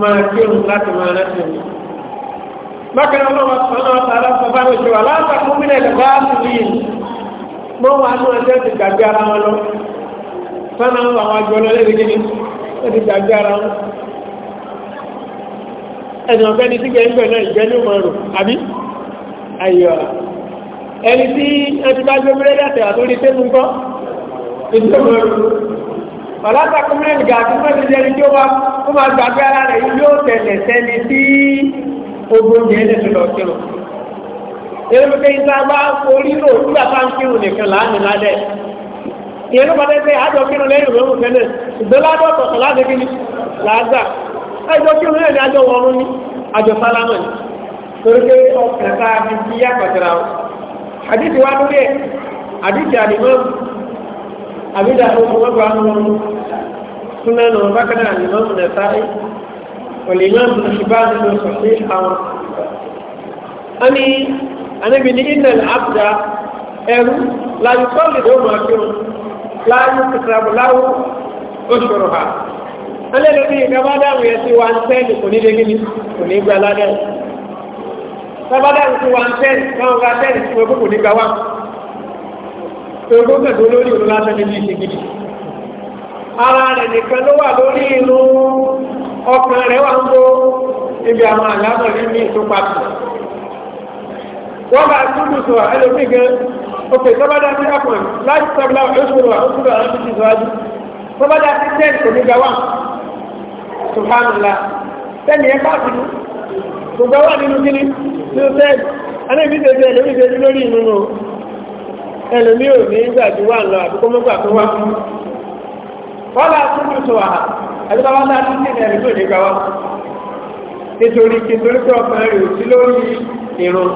máa kírun láti máa rántí omi. Bákan ọlọ́wọ́ ọlọ́wọ́ tààrà sọ bá mi ṣèwà látàkùn mílẹ̀ lẹ́gbà áṣìlì yìí. Mọ́ wà ní ọjọ́ ti gbàgbé ara wọn lọ. Sọ́nà ń wà wọn jọ lọ lórí gidi, ó ti gbàgbé ara wọn. Ẹ̀sìn ọ̀fẹ́ ni sígẹ̀ ń bẹ̀ náà ìgbẹ́ ní ìmọ̀ rò, àbí? Ayọ̀. Ẹni tí wọ́n ti bá gbé mílẹ̀ dàtẹ̀ àtúndì tẹ́sùn kọ́, ìdí ọ̀làtà kọ́mílẹ̀ gà tó fẹ́ ti jẹ́ni tó wá kó máa gbàgbé ara rẹ̀ yóò tẹ̀lẹ̀ sẹ́ni tí ogun yẹn lè lọ kírun. Èrò pé ìta bá orí rò nígbà tá à ń kírun nìkan láàánú lálẹ́. Ìyẹn ló padà pé àjọ kírun lẹ́yìn ìwé òun fẹ́lẹ̀ ṣùgbọ́n ládọ́ ọ̀tọ̀ọ̀tọ̀ láti kí ni làágbà. Àjọ kírun náà ni àjọ wọrun ni àjọ sálámà ni. Torí pé ọkàn tá a fi yí àpàtàrà o. Àdìsí wa lórí ẹ̀ àdìsí àdìmọ́ọ̀mù àbídà tó mọ́ bá wọn súnmọ́ náà bákan náà lè mọ́mù náà sáré wọ̀lẹ̀ mọ́mù náà ṣùgbọ́n àti lọ sọ sí àwọn. a ní anábì ní inel abda ẹrú láyé sọ́ọ̀lì tó mọ̀ kí wọn láyé kìtàbù láwù ó ha. a lè lọ sí ìjọba yẹn sí wa ń tẹ́lẹ̀ kò ní lé gíní kò ní gbà ládàá. sábà dáhùn sí wa ń tẹ́lẹ̀ káwọn gba tẹ́lẹ̀ sí wọn kò ní gbà wá. Èrò pẹ̀lú lórí ìlú lásán ní ìṣe gidi. Ara rẹ̀ nìkan ló wà lórí inú ọkàn rẹ̀ wà ń bó ibi àwọn àlámọ̀ nínú ìtúpapọ̀. Wọ́n bá túbù sọ ẹlòmíì gan. Òkè sọ́bádá sí ọkùnrin láti sọ́bádá oṣù wa oṣù wa láti ti sọ́ájú. Sọ́bádá sí ten kò ní gawa. Subhanallah. Tẹ́ni ẹ bá bínú. Kò gawa nínú kíní nínú ten. Anábìsẹ̀ bẹ́ẹ̀ lórí ìdẹ́jú lórí ìnú náà ẹlòmí ò ní gbà ju wà lọ àbí kó mọ́ gbà tó wá fún kọ́lá túnbù tó wà àti bàbá náà tún ní ẹ̀rí tó ní gbàwá nítorí kí torí pé ọkùnrin rẹ̀ sí lórí ìrun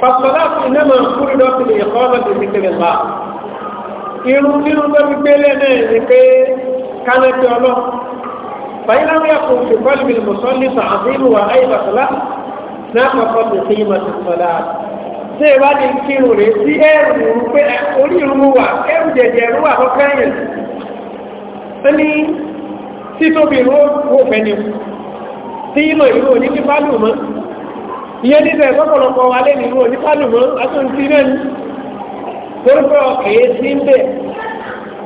pàṣọlá fún iná máa ń kúrò lọ́kùnrin ẹ̀kọ́ ọlọ́dún ti tẹ̀lé bá irun nínú tó fi gbélé náà ni pé kánẹ́tì ọlọ́ fàyínà wíyà kò fi kọ́lù bìlì sàn àti ìlú wa ayé bàtàlá náà kọ́kọ́ ṣé ìwá ni kírun rè sí ẹrù pé orí ìrú wà ẹrù jẹjẹ ẹrù wà lọ kẹyìn ó ní títóbi ìrú wò fẹ́ ni tí ìmọ̀ ìrú òní ní pálù mọ́ ìyẹn níbẹ̀ lọ́pọ̀lọpọ̀ wa lé nínú òní pálù mọ́ àtúntì náà ni lórúkọ kèé sí ń bẹ̀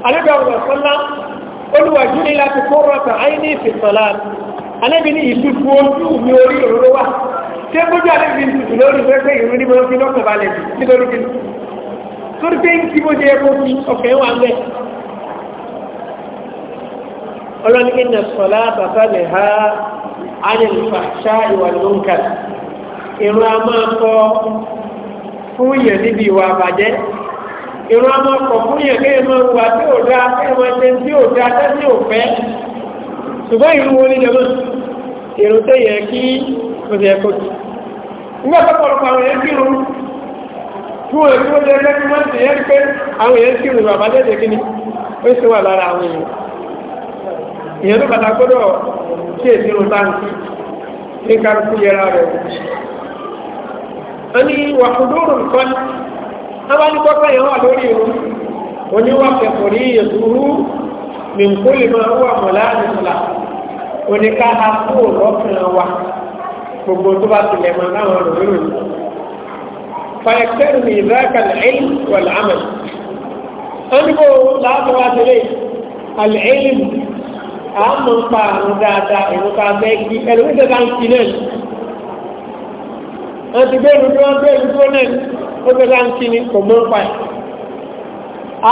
alẹ́bẹ̀ ọ̀rọ̀ sọ́lá olùwàjú ní láti kó rọ̀tà àìní ìfẹ̀sọ̀lá alẹ́bí ní ṣé kójú àlejò fi ń tutù lórí pẹ́pẹ́ ìrún ní bọ́lá fi lọ́kàn balẹ̀ jù nítorí kí torí pé ń kí bó ṣe yẹ kó fi ọ̀fẹ́ wà mẹ́. ọlọ́ni kí nà sọ̀lá bàbá lè ha ánìlùfà ṣá ìwà lóńkà ìrún a máa kọ fún yẹn níbi ìwà àbàjẹ́ ìrún a máa kọ fún yẹn kéèyàn máa wà tí ò dáa kéèyàn máa ṣe tí ò dáa tẹ́sí ò fẹ́ ṣùgbọ́n ìrún wo ni jẹ́ mọ́ ìrún tẹ̀yẹ kí tó yẹ kó kí nígbà tó pọ̀lọpọ̀ àwọn èèyàn kírun tí wọ́n èkó lé lẹ́nu máa ń tẹ̀ yẹn pé àwọn èèyàn kírun bàbá jẹ́jẹ́ kí ni ó sì wà lára àwọn èèyàn ìyẹn ló bàtà gbọ́dọ̀ kí èsì ló táǹkì ní kálukú yẹra rẹ̀ wọ́n ní wàkùdúrù nǹkan àwọn alùpùpù yẹn wà lórí irun oníwàkẹ̀kọ̀ ní ìyẹ̀dúrú nìkólè máa wà mọ̀lá nìkọlà oníkàlà kúrò lọ́kàn wa gbogbo tó bá tilẹ̀ mọ́ láwọn olùmírò ní. fàyẹ̀kẹ́rù ní ìdáka lẹ́yìn wà láàmà. wọ́n ní kó láàbọ̀ wá sílé àlẹ́yìn àmọ́ ń pa àrùn dáadáa ìrùn ká mẹ́gí ẹlòmí tẹ̀ka ń kí náà. wọ́n ti gbé ìlú tí wọ́n gbé ìlú tó náà ó tẹ̀ka ń kí ni kò mọ́ ń pa ẹ̀.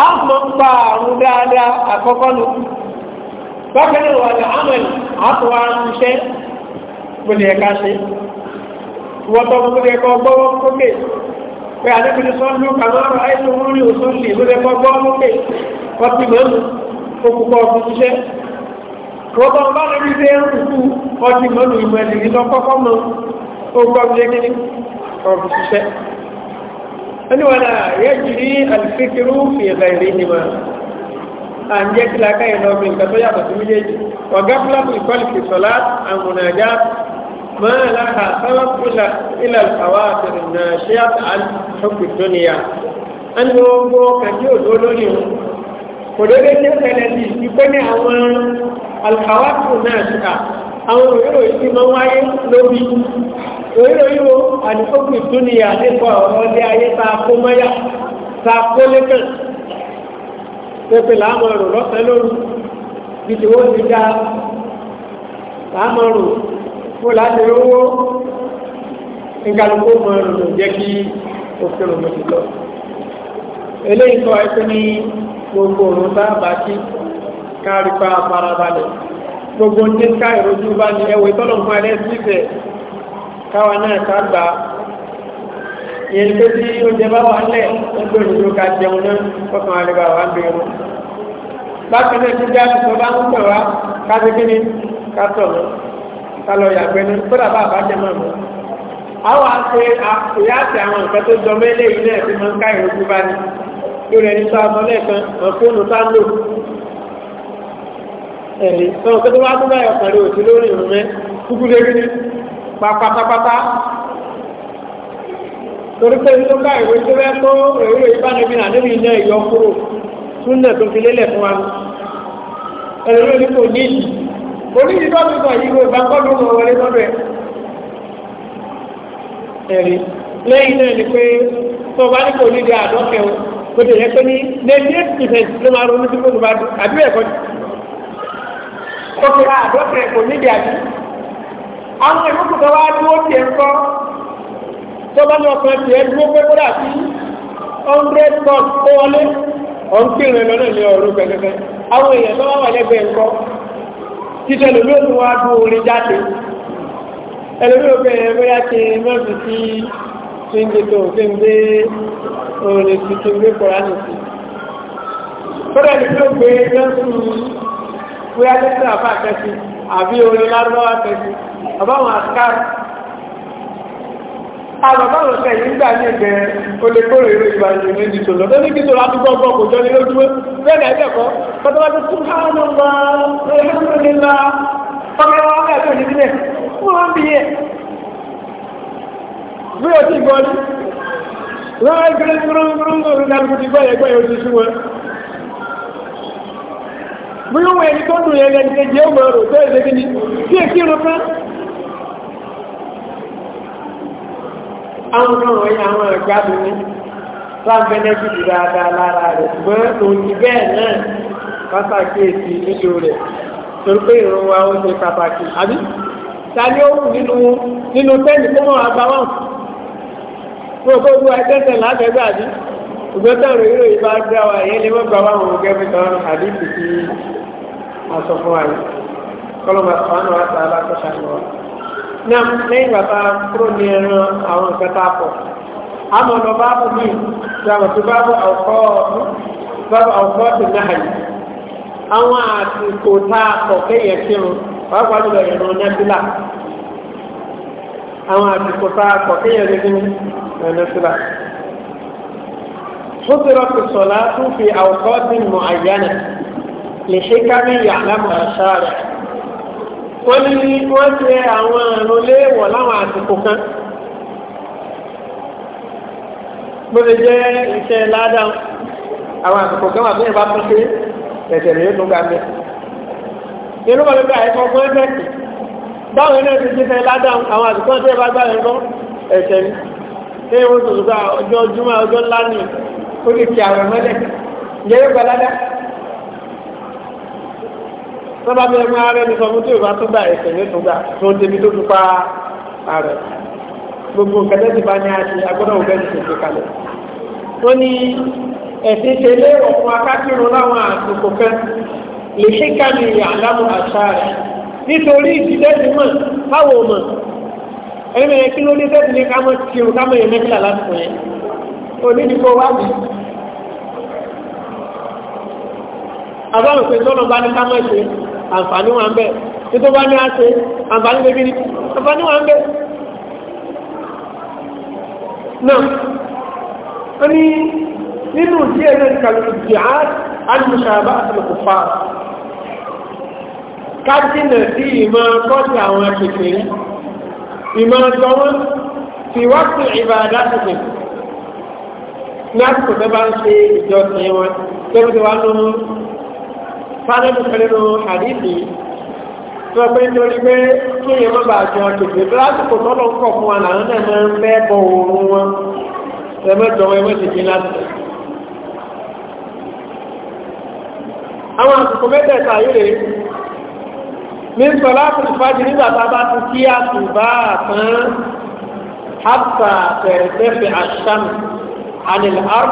àmọ́ ń pa àrùn dáadáa àkọ́kọ́ nù. bákan náà wà gbọ́dọ̀ ẹ̀ká ṣe wọ́tọ́ gbọ́dọ̀ ẹ̀kọ́ gbọ́wọ́ kókè pé àdébìnrin sọ́nù kàmọ́rọ̀ àìsàn wọn rí òsùn lè gbọ́dọ̀ ẹ̀kọ́ gbọ́wọ́ kókè wọ́n ti mọ̀ òkùnkọ̀ ọ̀gbìn ṣiṣẹ́ wọ́tọ́ bá lè rí bẹ́ẹ̀ rúkú wọ́n ti mọ̀ ìmọ̀ ẹ̀lì nínú kọ́kọ́ mọ̀ òkùnkọ̀ ọ̀gbìn ṣiṣẹ́ ẹni wọn náà yẹ jìrì àlùfíkirú fi ẹ̀bẹ̀ ìrìnnìmọ̀ àǹjẹ́ kìlákà ìlọ́gbìn kàtó yàtọ̀ sí méjèèjì ọ̀gá fúlàfù ìkọlù fi sọ̀lá àmùnàjá ما لها سبب إلى إلى الخواطر الناشئة عن حب الدنيا أنه هو كثير دولوني kòdédé tí ó tẹ̀lé ti ìpé ní àwọn alkawatu náà ṣíkà àwọn òyìnbó tí ma ń wáyé lóbi òyìnbó yíwo àdìsókù ìtúnìyà nípa ọ̀rọ̀dé ayé ta kó mọ́yá ta kó lékàn pépè láàmọ̀rò lọ́sẹ̀ lóru ìdíwó ti dá láàmọ̀rò kó láti owó ìgbàlùkó mọ ìrùn jẹ́ kí òfin òun ti lọ eléyìí sọ ẹsẹ ní gbogbo òun bá bá kí kárí pa farabalẹ̀ gbogbo ní ká ìrojú bá ní ẹwẹ tọ́lọ̀ fún ẹlẹ́ sífẹ̀ káwa náà ká gbà ìyẹn pé tí oúnjẹ bá wà lẹ̀ ẹgbẹ́ òyìnbó ká jẹun náà kọ́kàn àríwá wa ń bẹ̀rù bákan náà ti dá àtúntò bá ń pè ká ti kí ni ká tọ̀ kálọ yàgbẹ́ ní kódà bá àbájẹ máa mọ̀. àwọn àti àkùyà àti àwọn nǹkan tó jọ mẹ́lẹ̀ yìí náà fi máa ń ká ìròjú bá ní lórí ẹni tó abọ́ lẹ́ẹ̀kan àwọn fóònù tá ń lò. ẹ̀rí sọ̀rọ̀ pé tó bá dúró ayọ̀ kan lè òtún lórí ìrùn mẹ́ kúkú lérí ní pápápápá. torí pé tó bá ìwé tó bẹ́ tó èrò ìbánibí náà níbi iná ìyọkúrò túnlẹ̀ tó fi lélẹ̀ fún wa. ẹ̀rí lórí kò ní ìdí oníyí tọ́jú kan yìí kò bá kọ́dún mọ̀ wọlé tọ́jú ẹ̀. ẹ̀rí lẹ́yìn náà ni pé tó o bá ní kò ní di àdọ́kẹ́ o kò tẹ̀lé pé ní ninety eight percent ló máa ronú sí kókò bá dùn àbí ẹ̀kọ́ ni. ó fi ra àdọ́kẹ́ kò ní di àbí. àwọn ìlúkù kan wá dúró tiẹ̀ ń kọ́ tó bá ní ọkàn tiẹ̀ dúró pé kó dà sí hundred bucks kó wọlé ọ̀nkìrìn lọ́nà ní ọ̀rọ̀ pẹ̀lẹ́pẹ̀ àwọn èèyàn tó wá wà lẹ́gbẹ̀ẹ́ ńkọ́ títẹ̀ lórí òun wá dún orin jáde ẹlòmí òkè bóyá ti mọ́sí sí ṣíńdé tó ṣe ń gbé orin sí ti ń gbé kọ́ránì sí kódà ní tó gbé lọ́sùn bóyá tẹ́sí àbá kẹsí àbí orin lárúbáwá kẹsí àbáwọn àkàrà àbàbáwọn ọ̀sẹ̀ yìí gbà ní ẹ̀gẹ́ olèkóró ìlú ìgbà yìí ní ìdí tòlọ́ tó ní kí tòlọ́ àti gbọ́ngbọ́n kò jọ ní lójúmọ́ bẹ́ẹ̀ náà ẹ̀kọ́ tọ́tọ́ bá ti tún hánà wá ẹ̀hánà ọmọ wa bá ẹ̀kọ́ nílẹ̀ wọ́n ń bí yẹ. bí o ti gbọ́ ni wọ́n á gbé gbúrúgbúrúgbúrú lálùkù ti gbọ́ ẹ̀gbọ́ yóò ti sún wọn. bí wọ́n ẹni tó dùn yẹn lẹ́ni àwọn kan wọ̀nyí àwọn àgbàdo ní sáàbẹ́nẹ́fìtì dáadáa lára rẹ̀ ṣùgbọ́n òní bẹ́ẹ̀ náà pátákéèsì nílò rẹ̀ torí pé ìrún wa ó ṣe pàtàkì àbí ta ni ó wù nínú nínú tẹ́ẹ̀nì tó mọ̀ àgbà wọn fún òkú ogun ẹgbẹ́sẹ̀ lábẹ́gbẹ́ àbí ìgbẹ́sẹ̀ rẹ̀ yóò yíba dá wa yẹn lè mọ́ gbà wọn òun gẹ́gẹ́ kan àbí tìtì àsọ̀fún wa yìí kọ́lọ́mà sọ̀rọ̀ àti alákọ̀ṣà ni wọn. na lẹ́yìn bàtà kúrò ní ẹran àwọn ìkẹta A àmọ́ lọ báàbù mi ìjàmọ̀ tó báàbù àwòkọ́ báàbù àwòkọ́ ti náà yìí àwọn àsìkò tá a kọ̀ kéèyàn kírun pàápàá jùlọ ìrún nẹ́fìlà àwọn àsìkò tá a kọ̀ kéèyàn lójú nẹ́fìlà. فطرت wọ́n ní wọ́n ṣe àwọn àrùn léèwọ̀ láwọn àsìkò kan gbọ́dọ̀ jẹ́ iṣẹ́ ládàá àwọn àsìkò kan wà fún ìbá tó ṣe ẹ̀sẹ̀ lè tó ga mẹ́. inú bọ̀ lóbi àìkọ́ fún ẹ́fẹ́ẹ̀kì báwọn iná ti ṣiṣẹ́ ládàá àwọn àsìkò tó ìbá gbà ẹ̀kọ́ ẹ̀sẹ̀ ni ṣé ìwọ́n tó ṣùgbọ́n ọjọ́ júmọ́ ọjọ́ ńlá ni ó ti kí àwọn mẹ́lẹ̀ yẹ́rẹ́ gbà ládàá sábà bẹ́ẹ̀ máa rẹ́ ní sọmú tí yorùbá tún gbà ẹ̀sẹ̀ ní tún gbà tó ń débi tó tún pa ààrẹ gbogbo kẹlẹ́ ti bá ní àṣẹ agbọ́dọ̀ òun bẹ́ẹ̀ ti kalẹ̀. ó ní ẹ̀sìn ṣe lé ọ̀fun akátìrún láwọn àsìkò kan lè ṣe kámi àlámù àṣà rẹ̀ nítorí ìdílé ti mọ̀ táwọn mọ̀ ẹni mẹ́rin kí ló dé tẹ́tù ní kámọ́ kírun kámọ́ yẹn mẹ́fìlà lásìkò yẹn onídìbò wádìí àbáwọn pé bá ní kámọ́ ṣe àǹfààní wà ń bẹ̀ tí tó bá ní àṣẹ àǹfààní gbé gírí àǹfààní wà ń náà a ní nínú díẹ̀ náà kàlùkù jì á alùsàbá àtàlùkù fa kájínà sí ìmọ̀ kọ́sì àwọn akẹ̀kẹ̀rí ìmọ̀ tọwọ́ fi wá sí ìbàdá tuntun ní àsìkò tó bá ń ṣe ìjọsìn sálẹ́bù pẹ̀lú àdìsí tó pé nítorí pé tó yẹ mọ́ bá jọ tòkè tó lásìkò tọ́lọ̀ ń kọ̀ fún wa làwọn náà máa ń bẹ́ bọ òun wọn ẹmẹ́jọ ẹmẹ́sìnkì láti àwọn àsìkò mẹ́tẹ̀ẹ̀ta yóò rèé ní sọlá fìfàjì nígbà tá a bá ti kí àtùbá àtàn hàtà tẹ̀rẹ̀tẹ̀fẹ̀ àṣàmì àdìlárù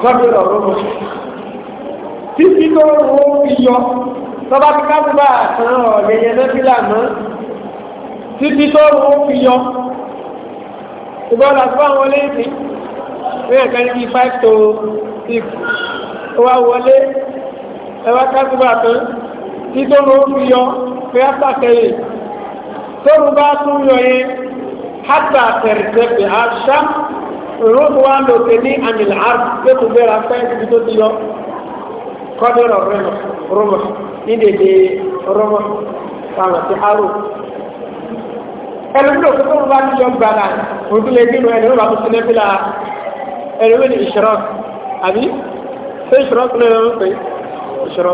kọ́bí ọ̀rọ̀ mọ́ títí tó wọ́n fi yọ tọ́ba ti kábùbà àtàn ọ̀gẹ̀yẹ nẹ́fìlà mọ́ títí tó wọ́n fi yọ ìbọ́lá fún àwọn léèdì wíwọ̀n kan ní bí five to six ó wá wọlé ẹ wá kábùbà àtàn títí tó wọ́n fi yọ pé á pàtẹ́lẹ̀ tóun bá tún yọ yẹn hátà tẹ̀rẹ̀tẹ̀pẹ̀ àṣà rúbùwà lòtẹ̀ ní àmì àrùn pé kò gbéra fẹ́ẹ́ ibi tó ti yọ kọ́dọ̀rọ̀ rọ́mọ̀ ní dèdè rọ́mọ̀ táwọn ti hárò ẹlòmí ló kókó bá ní yọm gbàgbà òkúlẹ̀ nínú ẹlòmí bá tún ní bílà ẹlòmí ní ìṣòro àbí ṣé ìṣòro kúlẹ̀ ló ń pè ìṣòro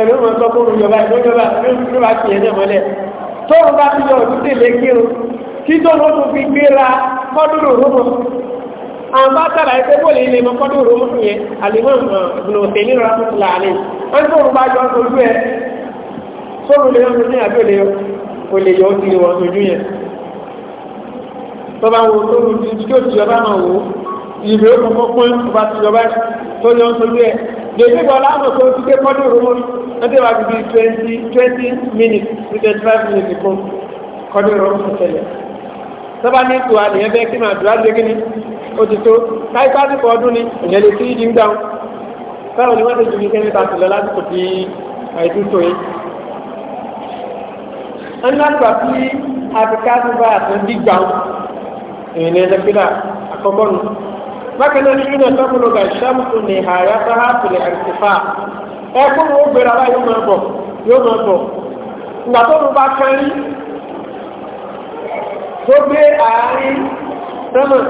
ẹlòmí wọn kọ́kọ́ rú yọba ẹlòmí yọba ẹlòmí bá tiẹ̀ ní ọmọlẹ̀ tóun bá ti yọ òtútù lé kírun kí tóun ó tún fi gbéra kọ́dọ̀rọ̀ rọ́mọ̀ àwọn bá sára ẹgbẹ́ bọ́ọ̀lù ilé mọ́ kọ́dún òru mọ́tò yẹn àlèmọ́ ìbùnà òtẹ̀ nínú ra tuntun láàrin wọ́n tó rú bá jọ ojú ẹ sóòrù lè yọ ní àbí olè olè yọ sí wọn ojú yẹn tó bá wo tó rú tí ó ti yọba máa wò ìbè ó kọ́kọ́ pọ́n tó bá ti yọba tó yọ sójú ẹ lèmi bọ̀ láwọn tó ti gbé kọ́dún òru mọ́ wọ́n ti wá bíi twenty twenty minutes to twenty five minutes kọ́ kọ́dún ó ti tó káíkásìkò ọdún ni ìyẹn lè sí ìdí ń dáhùn báwo ni wọ́n ti jùlọ kẹ́ni ta sílẹ̀ lásìkò tí àìdún tó yìí. wọ́n ní láti wà sí àfikásíbá àtúndí gbà ìrìn ẹ̀jẹ̀ pílà àkọ́kọ́ nù. bákan náà ní ìrìn ẹ̀jẹ̀ tọ́kùnrin ọgbà ìṣàmùtò ní ààrẹ sáhà pìlẹ̀ àìsífà ẹkún ló gbéra báyìí yóò máa bọ̀ yóò máa bọ̀ ìgbà tó bá kán rí tó gbé àárín sẹ́mọ̀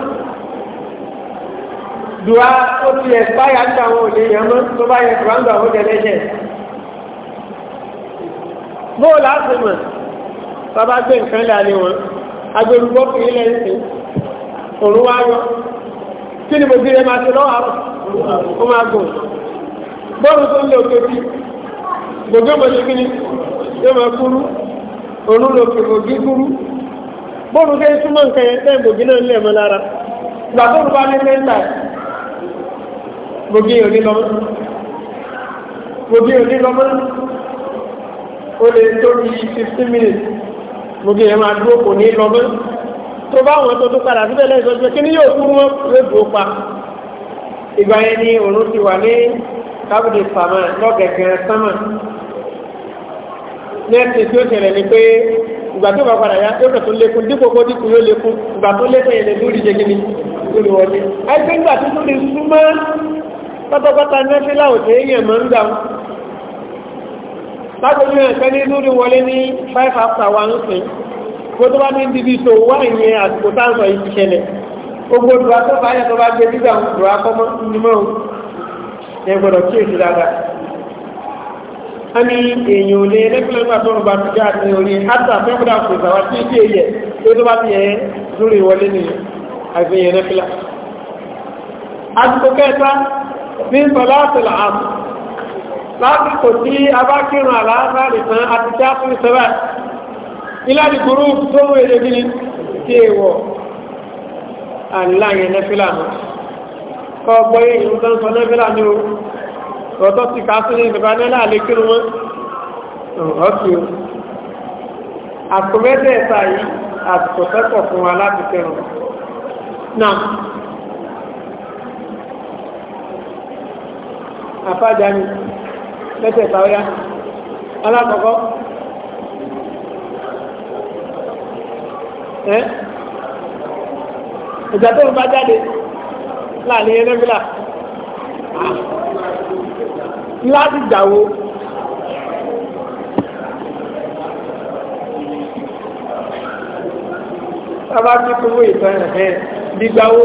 dua ó ti ẹ̀ báyà ń tàwọn òde yẹn tó bá yẹ dùá ń gbà ó jẹ lẹ́sẹ̀. bóò láti mọ̀ bàbá gbé nǹkan lálé wọn agbèrúgbọ́ fi ilẹ̀ ń sìn òun wá yọ kí ni mo fi lè máa ti lọ́wọ́ àrùn ó máa gùn bọ́ọ̀lù tó ń lè òkè gbogbo ọmọ ṣe kí ni yóò máa kúrú òun kúrú tó ń gbogbo èèyàn ní lọ́mọ́ gbogbo èèyàn ní lọ́mọ́ ó lè tóbi fifteen minutes gbogbo èèyàn máa dúró kò ní lọ́mọ́ tó bá wọn tó tó padà síbẹ̀ lẹ́yìn tó ṣe kí ni yóò kúrú wọn lóògùn pa ìgbà yẹn ni òun ti wà ní kábùdì sàmà lọ́gẹ̀gẹ̀ sàmà nẹ́ẹ̀sì tí ó ṣẹlẹ̀ ni pé ìgbà tó bá padà yá yóò tó lékún dípò kó dípò yóò lékún ìgbà tó lékún yẹn lè lórí jẹ́ kí ni lórí wọlé. ẹgbẹ́ ìgbà tó tó lè súnmọ́ pátápátá nẹ́fílà òtẹ́ èèyàn máa ń gbà ń lágbègbè náà pẹ́ ní lórí wọlé ní five after one sin kó tó bá ní bíbí tó wá ìyẹn àsìkò táǹsọ̀ yìí ti ṣẹlẹ̀ gbogbo dùwà tó bá yẹ tó bá gbé a ní èèyàn ò lè lẹ́gbẹ̀rẹ́ nígbà tó ń bá ti já àti orí hátà fẹ́kúdà kò sàwá tí èdè yẹ tó tó bá ti yẹ lórí kẹta ní sọláàtì làásù lásìkò tí a bá kírun àlàáfà nìkan àti tí a tún sọ́bà ìlànà ìgbòrò tó wọ èdè bí tí è wọ àláyé nẹ́fílà mọ́ kọ́ gbọ́ yé ìlú tó ń sọ nẹ́fílà ní o ọ̀tọ́ ti ká sí ní ìbẹ̀bá nílà lè kírun wọn ọ̀kì o àkùnmẹ́tẹ̀ẹ̀ta yìí àtìkọ̀tẹ́kọ̀ fún wa láti kírun náà àfáàjà ni lẹ́sẹ̀ sáwọ́yá alákọ̀ọ́kọ́ ẹ́ ìjà tó ń bá jáde láàrin ẹlẹ́mìlà láti jàwó sábà tí kúrò ìtàn ẹ̀ gbígbáwó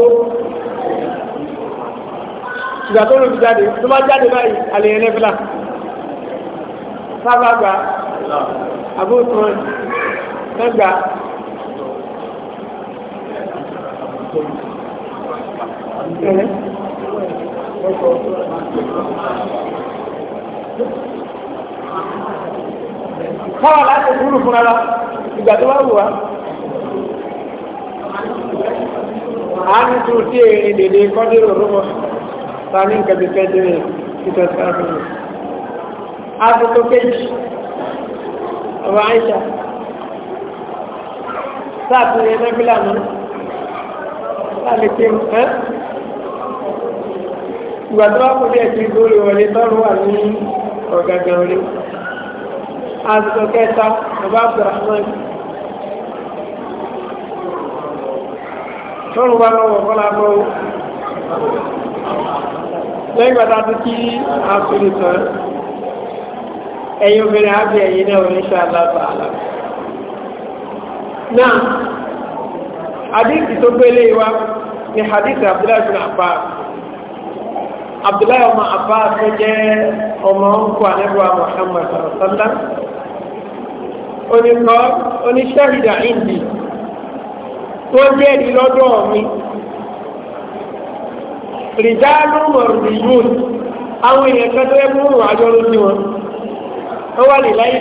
ìgbà tó lóbi jáde tó bá jáde báyìí àlèyé nẹ́fìlà sábà gbà àbótó mẹ́gbà. Kọ́wà láti kúrú fúnra lọ, ìgbà tó bá wù wá. Àánú tó tí èrè dèdè kọ́dé rò ta ní nǹkan bí twenty minutes sí twenty five minutes. Agogo kejì ọ̀rọ̀ Aisha sáà tún yẹ nẹ́bílà náà sáà lè pé ẹ́ ìgbà tó bá kú díẹ̀ sí ìgbóòrè wọlé tọ́rọ wà ní ọ̀gàgà orí àsìkò kẹta bàbá abdulrahman tọ́rọ wà lọ́wọ́ kọ́lá bọ́ọ̀ lẹ́yìn gbàtà tó kí àṣírí tán ẹ̀yin obìnrin àbí ẹ̀yin náà oníṣẹ́ alábàálà náà àdíkì tó gbélé wa ni hadith abdullahi bin abbas abdullahi ọmọ abbas tó jẹ́ ọmọ nkú anẹ́bùwà muhammad sallam oníṣẹ́ ìdá indi tó jẹ́ ìlọ́dọ̀ mi rìjáàlú mọ̀rùnmíyún àwọn èèyàn kan tó yẹ kó wà ló ní wọn ó wà lè láyé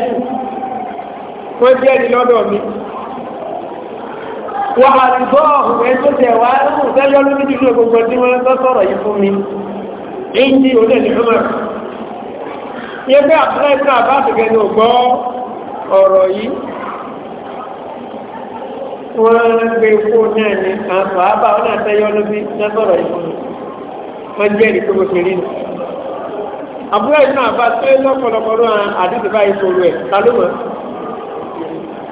kù wọ́n jẹ́ ẹni lọ́dọ̀ mi wà á ti gbọ́ ọ̀hún ẹni tó wá sẹ́yọ́ gbogbo tí wọ́n sọ̀rọ̀ yìí fún mi èyí yẹ pé àbúrò ni ò gbọ́ ọ̀rọ̀ yìí wọ́n gbé fún àbá wọ́n jẹ́ ìdí tó mo fi rí nù. àbúrò ìdí náà bá tó lọ́pọ̀lọpọ̀ ló hàn àdúgbò báyìí sọ̀rọ̀ ẹ̀ ta ló mọ̀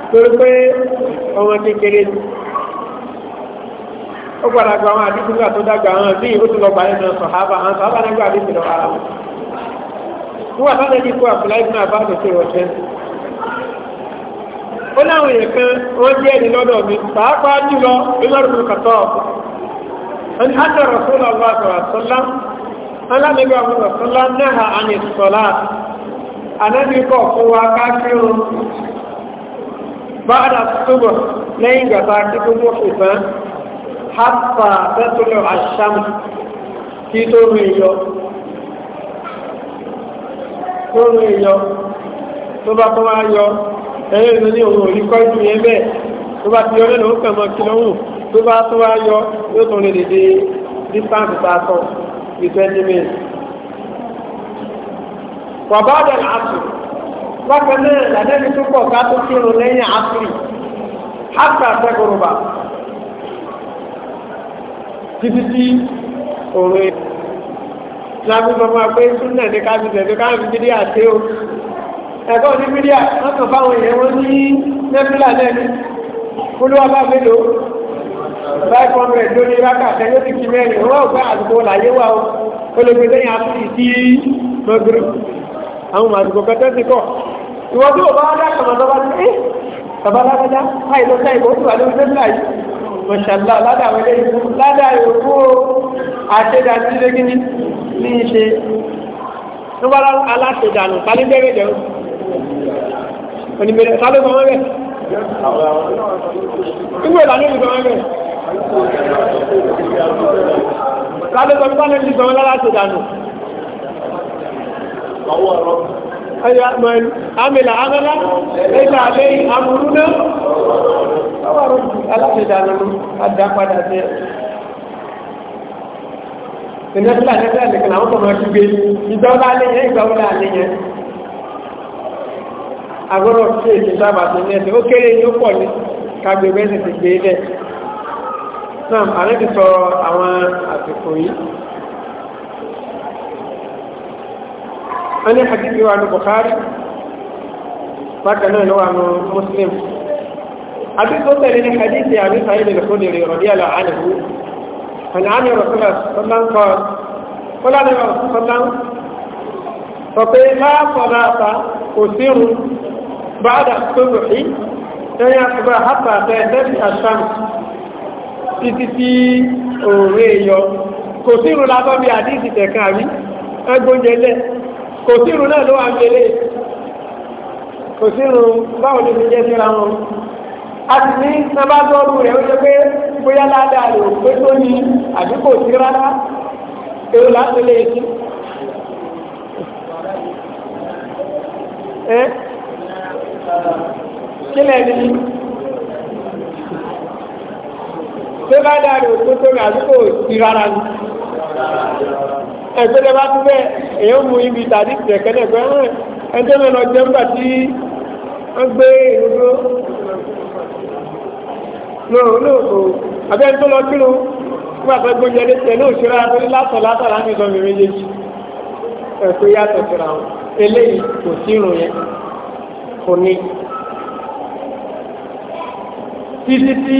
torí pé ọmọ kékeré ni ó gbàdá gba àwọn àdúgbò nígbà tó dàgbà hàn bí ó ti lọ gbà lẹ́nu sọ̀hábà hàn sọ̀hábà lọ ara wọn. wọ́n wà sáré àbúrò ìdí náà bá ó láwọn èèyàn kan wọ́n jẹ́ ẹni lọ́dọ̀ mi pàápàá jùlọ ìlọ́rùn أن أن رسول الله صلى الله عليه وسلم أنا نبي صلى الله عليه وسلم نهى عن الصلاة أنا بيكو هو كافر بعد الصبح لين قطعت مصحفا حتى تطلع الشمس في توريو توريو تبقى ما يو ẹ̀yẹ́ ìlú ní òun òyíkọ́ ìdúnyẹ́ bẹ́ẹ̀ tó bá ti yọ lẹ́nu ó kàn mọ́ kí lọ́wọ́ tó bá tó wá yọ yóò tún lè distance tá sọ bí twenty minutes. bàbá àdàlà àtù bákan náà làdẹ́ni tó pọ̀ ká tó kírun lẹ́yìn àtúrì àtà àtẹ́gùrùbà títí tí òun láti sọ fún wa pé súnà ní ká fi tẹ̀sí ká fi bídíà tẹ́ o ẹ̀kọ́ ní bídíà wọ́n kàn fáwọn èèyàn ní olúwa bá five hundred ló ní rákàtà yóò ti fi mẹ́rin wọ́n ò gbá àdúgbò láyé wa o ó lè gbé lẹ́yìn àtúntì sí mọ́gírì àwọn àdúgbò kẹtẹ́ ti kọ̀ ìwọ tí o bá wá dákọ̀ mọ́ lọ́wọ́ ní eh, bàbá lágbájá láì lọ́sẹ̀ ìwọ tí wà lórí tẹ́lẹ̀ yìí mọ̀ṣálá ládàá wọlé ìlú ládàá ìwòkú àṣẹdá sí lé kíní ní í ṣe tó bá aláṣẹdànù pálí bẹ́rẹ̀ jẹun onímọ̀lẹ́ sálọ́ gbọ́n mọ́ bẹ́ẹ̀ lábẹ́ sọ fún alẹ́ nígbà wọn lára ṣe dànù. Ẹyà mẹ́rin, àmìlà agbára, ẹgbà abẹ́ amúrú náà, ọwọ́ rọ̀ aláṣẹ dànù àdápadà sí ẹ. Ìnẹ́fílà nẹ́fílà nìkan àwọn tọmọ ẹtú gbé, ìgbà wọn lálẹ́ yẹn, ìgbà wọn lálẹ́ yẹn. Agbọ́dọ̀ sí èdè sábà tó ní ẹsẹ̀, ó kéré ní ó pọ̀ ní, kàgbé bẹ́ẹ̀ ti gbé bẹ́ẹ̀. náà àrẹ́bí sọ àwọn àsìkò yìí wọ́n ní hadithi wa ní Bukhari bákan náà ló wà ní Muslim حديث مثل من حديث أبي سعيد الخدري رضي الله عنه عن عن رسول الله صلى الله عليه وسلم قال قال عن رسول الله صلى الله عليه وسلم فقيل لا صلاة أسير بعد الصبح لا يصبح حتى تهتدي الشمس títí tí òòrè yọ kò sí irun lábọ́ bí àdíìsì tẹ̀kan àrí ẹgbóúnjẹ lẹ̀ kò sí irun náà ló wà ń gbélé kò sí irun báwo ló ti jẹ́ síra wọn a sì ní sábà gbọ́rù rẹ̀ ó jẹ́ pé bóyá ládàá rẹ̀ ò pé tó ní àdúgbò sí rárá èrò láti lè ṣí. ẹ kílẹ̀ ni tó bá dáre òtún tó ní àdúgbò ti rárá ni ẹgbẹ́ lẹ́bàá tún bẹ́ẹ̀ èyí mú ibi tàbí tẹ̀kẹ́ lẹ́gbẹ́ hàn ẹjọ́ mẹ́lọ jẹ́ ńgbà tí wọ́n gbé ìrúgbó lóòó lóòó àbẹ́ ń tó lọ kírun nígbà tó gbóúnjẹ lé tẹ̀ ní òṣèré abẹ́rẹ́ látọ̀ látọ̀ láti sọ mi méjèèjì ẹ̀kọ́ yàtọ̀ síra wọn eléyìí kò sí irun yẹn kò ní títí tí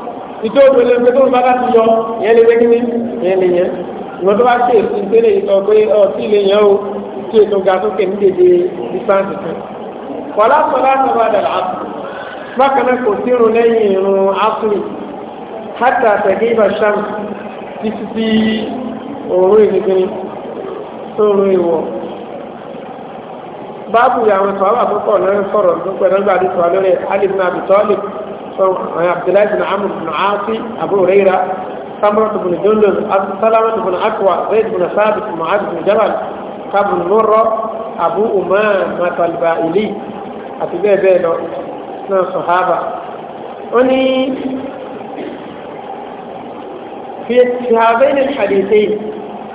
ìjọ òbẹ̀lẹ̀ pé tó ń bá láti yọ ìyẹn lè gbẹ́gí ní ìyẹn lè yẹn ìwọ́n tó bá ṣe èsì ìgbélé ìtọ́ pé ọtí lè yẹn o tí ètò ga sókè ní dèdè dísáǹtì kan. wàlá sọlá sọlá dàrá bákan náà kò sí irun lẹ́yìn irun áfírì hátà àtẹ̀gẹ́ ìbàṣàm títí tí òórùn ìgbìgbìn tó ń rún ìwọ̀ báàbù àwọn sọ̀rọ̀ àkọ́kọ́ náà sọ̀rọ̀ nípa ẹ̀rọ عبد الله بن عمرو بن عاصي أبو هريرة سمرة بن جندل سلمة بن أكوى زيد بن ثابت معاذ بن جبل كعب بن مرة أبو أمامة البائلي أتباع بيلو اثنان صحابة أني في هذين الحديثين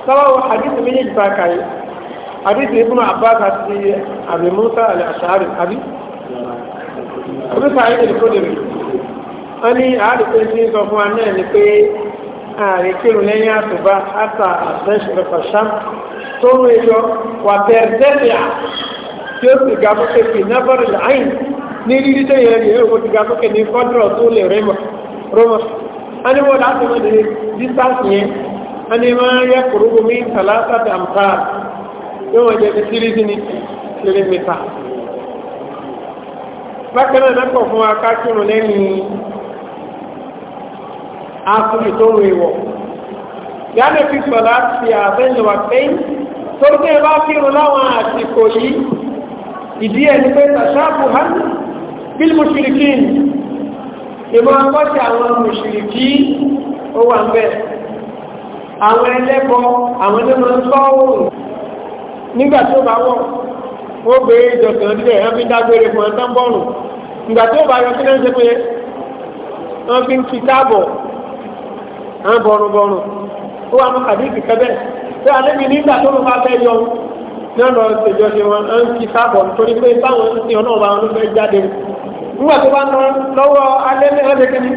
سواء حديث من الباكاي حديث ابن عباس أبي موسى الأشعري أبي أبي سعيد الخدري wọ́n ní àádùkú tí ń sọ fún wa náà ni pé ààrẹ kírun lẹ́yìn àtùbá àtà àtẹ́sùrẹ̀ fàṣán tó ń rẹjọ wà bẹ̀rẹ̀dẹ́fìà tí ó sì ga sókè sí nábọ̀rì láàyìn ní rírí tó yẹ rí ó ti ga sókè ní fọ́dúrọ̀ tó lè rẹ́mọ̀ rọ́mọ̀ a ní wọ́n láti distance yẹn a ní máa ń yẹ kùrúgbù mí tàlátà tàǹfà yóò wọ́n jẹ́ ti sírísì ní kìlómítà bákan náà náà fún wa ká kírun lẹ́yìn asumi tó ń wéwọ̀ yálẹ̀ fi sọ̀lá ti àbẹ́yẹ̀wà pẹ́yì tó ń bá kírun láwọn àsìkò yìí ìdí ẹ̀ ní pé tàṣàbù hàn bíl mùsùlùkì ìmọ̀ akọ́ṣẹ́ àwọn mùsùlùkì ó wà ń bẹ̀ àwọn ẹlẹ́bọ àwọn ẹni máa ń sọ òòrùn nígbà tó bá wọ̀ ó gbé ìjọsìn ọdún ẹ̀ fi dágbére fún ẹ̀ tán bọ́ọ̀rùn tó bá yọ kí ló ń ṣe pé wọ́n fi ń fi táàbọ̀ àwọn bọ̀rùnbọ̀rùn ó wà mú àdéhùn kẹ́bẹ̀ pé àlébi nígbà tó ló máa fẹ́ yọ náà lọ ṣèjọ ṣe wọn ń fi sábọ̀ nítorí pé báwọn ń sin ọlọ́ọ̀bá wọn ló fẹ́ jáde nígbà tó bá ń lọ́wọ́ alẹ́ ní ọ̀dẹ́ kìíní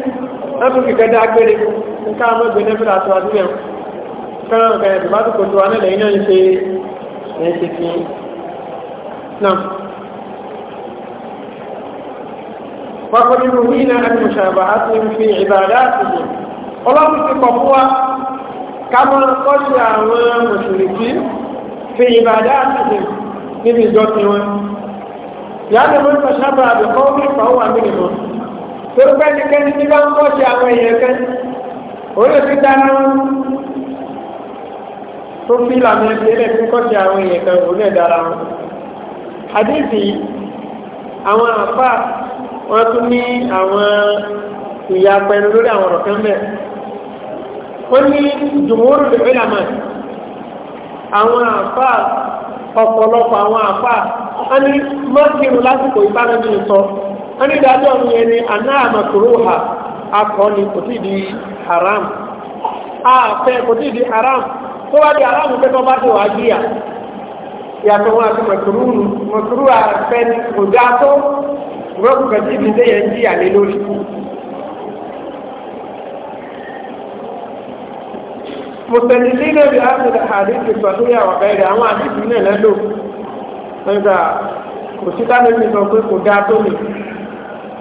wọ́n kìkẹ́ dá gbére nǹkan àwọn ọgbẹ́ tó fẹ́ràn ọ̀gá ẹ̀dùn bá tó kò tó nílẹ̀ iná ṣe fi náà. kọ́ nínú wíìnà ọlọ́run ti kọ̀ fún wa ká mọ́ kọ́sí àwọn mùsùlùmí fi ìbàdá àtìsí níbi ìjọ ti wọn ìyáàdé mọ́ nípa sábà àbẹ̀kọ́ bí ìpàwọ́ wà mí nìmọ̀ tó pẹ́ nìkẹ́ni tí bá ń kọ́sí àwọn èèyàn kẹ́ orí ti dáná tó fi ìlànà ẹgbẹ́ ilẹ̀ fi kọ́sí àwọn èèyàn kẹ́ orí ẹ̀ dára wọn àdéhìí àwọn àfà wọn tún ní àwọn ìyá pẹ̀lú lórí àwọn ọ̀rọ̀ kan bẹ́ẹ̀ wọ́n ní jùmúrù ìrìnàmà àwọn àfà ọ̀pọ̀lọpọ̀ àwọn àfà a ní mọ́kìrù lásìkò ìbáraẹni sọ wọ́n ní ìdájọ́ mi ẹni àná àmàkùrú ha kò tí haram àfẹ́ kò tí di haram tó bá haram tẹ́kọ́ bá tó wá yàtọ̀ wọn àti ni kò tó mùsùlùmí lẹ́bi áfíríkà àdìsí sọ̀túnyà wà bẹ́ẹ̀ àwọn àdìsí náà lẹ́lò nígbà kò sí tánàbí sọ pé kò dáa tó mi.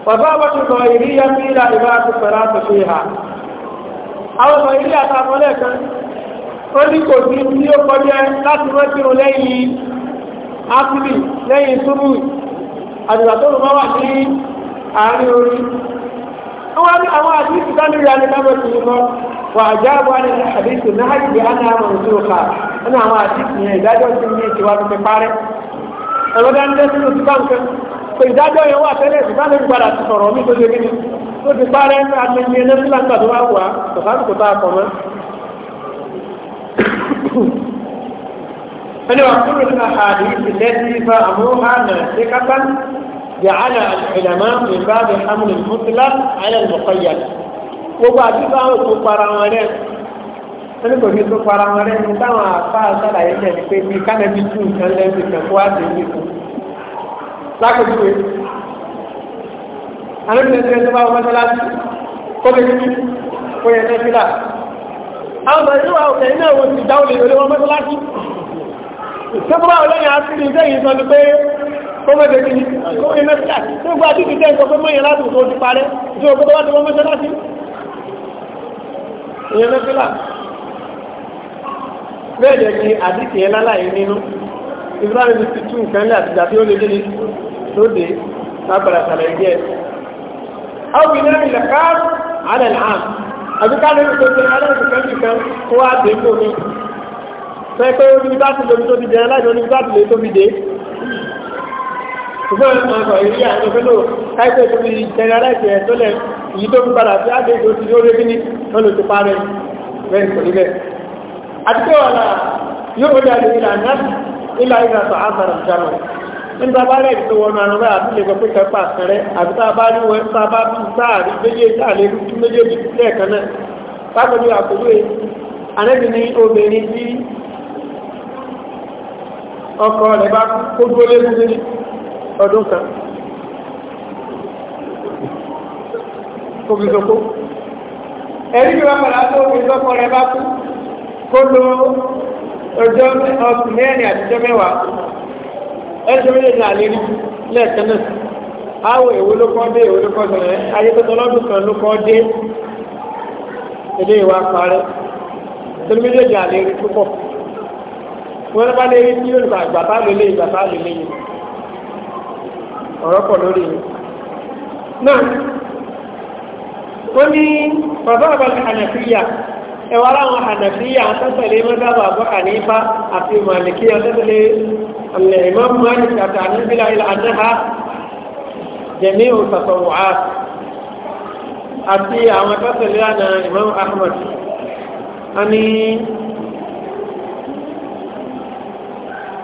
bàbá wọn ti sọ ìrí yá sí ìlà ìbá àti pẹ̀lá tó fi hà. àwọn sọ ìrí àtàkùn lẹ́ẹ̀kan ó ní kò sí tí ó kọjá láti mọ́tìrún lẹ́yìn áfíríkì lẹ́yìn túbú àdìgbà tó lù bá wà ní àárín orí wọ́n ní àwọn àdìsí bá lórí alẹ́kámẹ́ tó yẹ mọ́ wà á já wà ní àdìsí náà yìí bí àná àwọn òṣù ọ̀ka ẹnu àwọn àdìsí yẹn ìdájọ́ ti ní ìtiwá tó fi parẹ́ ẹ̀rọ dání lẹ́sìn ló ti bá nǹkan pé ìdájọ́ yẹn wà tẹ́lẹ̀ ìgbà tó gbàdà ti sọ̀rọ̀ mi tó ṣe kí ni tó ti parẹ́ amẹ́ni ẹni fúlàǹgbà tó wá wà tọ̀sánùkò tá a kọ̀ mọ́. ẹni wà kúrò nínú àdìsí lẹ́sìn جعل العلماء من باب الحمل المطلق على المقيد وبعد ذلك àwọn tó para wọn rẹ wọn ní kò ní tó para wọn rẹ ní táwọn àfáà sàlàyé náà ni pé bí kánẹbí tún nǹkan lẹ́sìn kan kó wá sí ní kù lákòókò àwọn ìgbésẹ̀ tó bá wọ́n sọ́lá kó lè ní kó yẹ ní fílà àwọn ìgbésẹ̀ wà òkè náà wọ́n ti dáwọ́ lè lórí wọn mọ́sọ́lá sọ́kọ́ báwo lẹ́yìn àtúndì sẹ́yìn sọ ni pé kó mọ̀ tẹ́tí ni kó iná sí àti tó gba títí tẹ́ sọ pé mọ̀yìn láti kó ti parẹ́ tí o gbọ́dọ̀ wá ti wọ́n mọ́ṣẹ́ láti ìyẹn mẹ́fílà bẹ́ẹ̀ jẹ́ kí àdìsí yẹn láláyé nínú ìfúráwé ti ti tú nǹkan lé àtìgbà tí ó lé délé lóde lágbàdà sàlẹ̀ díẹ̀. àwọn ìnáwó ilẹ̀ káà alẹ́ làán àbíká lórí tó ṣe alẹ́ òṣìṣẹ́ nìkan kó wá dé kó mi fẹ́ pé ó ní bá ti lóbi tó ti dẹ̀ láìsí ó ní bá ti lóbi tó fi dé ṣùgbọ́n ọ̀sọ̀ ìrírí àìsọ̀fẹ́lò káìpẹ́ tó fi jẹrẹ láìsí ẹ̀ tó lẹ̀ èyí tó fi padà sí àgbẹ̀ tó ti lórí bí ní wọ́n lò ti parẹ́ bẹ́ẹ̀ kò ní bẹ́ẹ̀ àti pé ọ̀la yóò wọlé àlè ìlà náà ìlà ìlà sọ àmàrà ìjàmọ̀ nígbà bá rẹ̀ tó wọnú àrùn báyà tó lè gbọ́ pé kẹfà àti tá bá ní wọn tá bá tún sáàrí méjèèjì àlejò méjèèjì lẹ́ẹ̀kan náà bákan ní àkókò yìí ọkọ rẹ̀ bá kó gbólé ní ọdún kan obìsọ́kó ẹ̀rí bí wọ́n padà tó obìsọ́kọ rẹ̀ bá kú kó lo ọjọ́ ọ̀sùn mẹ́rin àtijọ́ mẹ́wàá ẹ̀ṣọ́ méjèèjì náà lérí lẹ́ẹ̀kan náà áwọ̀ èwo ló kọ́ dé èwo ló kọ́ sọ̀rọ̀ ayé tó tọ́lọ́dún kan ló kọ́ dé ilé ìwà parẹ́ tó méjèèjì àlérí púpọ̀ wọ́n bá lè rí tí yóò nípa ìgbà táàlù lé ìgbà táàlù lé yìí ọ̀rọ̀ pọ̀ lórí yìí. náà ó ní bàbá àbá hànàfíyà ẹwà láwọn hànàfíyà àtẹ́sẹ̀lẹ̀ mọ́tàbà àbọ̀ ànífà àti màlìkí àtẹ́sẹ̀lẹ̀ àlẹ́mọ́ mọ́lìkì àti àníbílà ilẹ̀ àdẹ́hà jẹ̀mí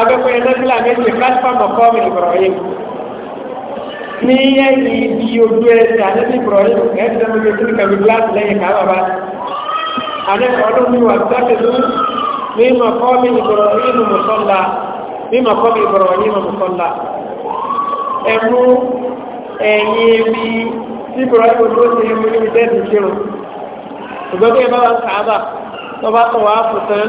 abẹ́kọ̀ ẹlẹ́gbẹ̀lá méjì káṣípàmọ̀ kọ́ọ̀mù Ibrahim ní ẹ̀yìn ibi ojú ẹsẹ̀ àdébí Ibrahim ẹ̀sẹ̀ tẹ́lẹ̀ ojú ní kàbí gíláàsì lẹ́yìn káwà bá àdébí ọdún mi wà sáfẹ̀lú mímọ̀ kọ́ọ̀mù Ibrahim mùsọ́lá mímọ̀ kọ́ọ̀mù Ibrahim mùsọ́lá ẹ̀mú ẹ̀yìn ibi tí Ibrahim ojú ti mú ní ìdẹ́ẹ̀dì kírun ṣùgbọ́n bí ẹ bá wà sábà tó bá tó wà á fò tán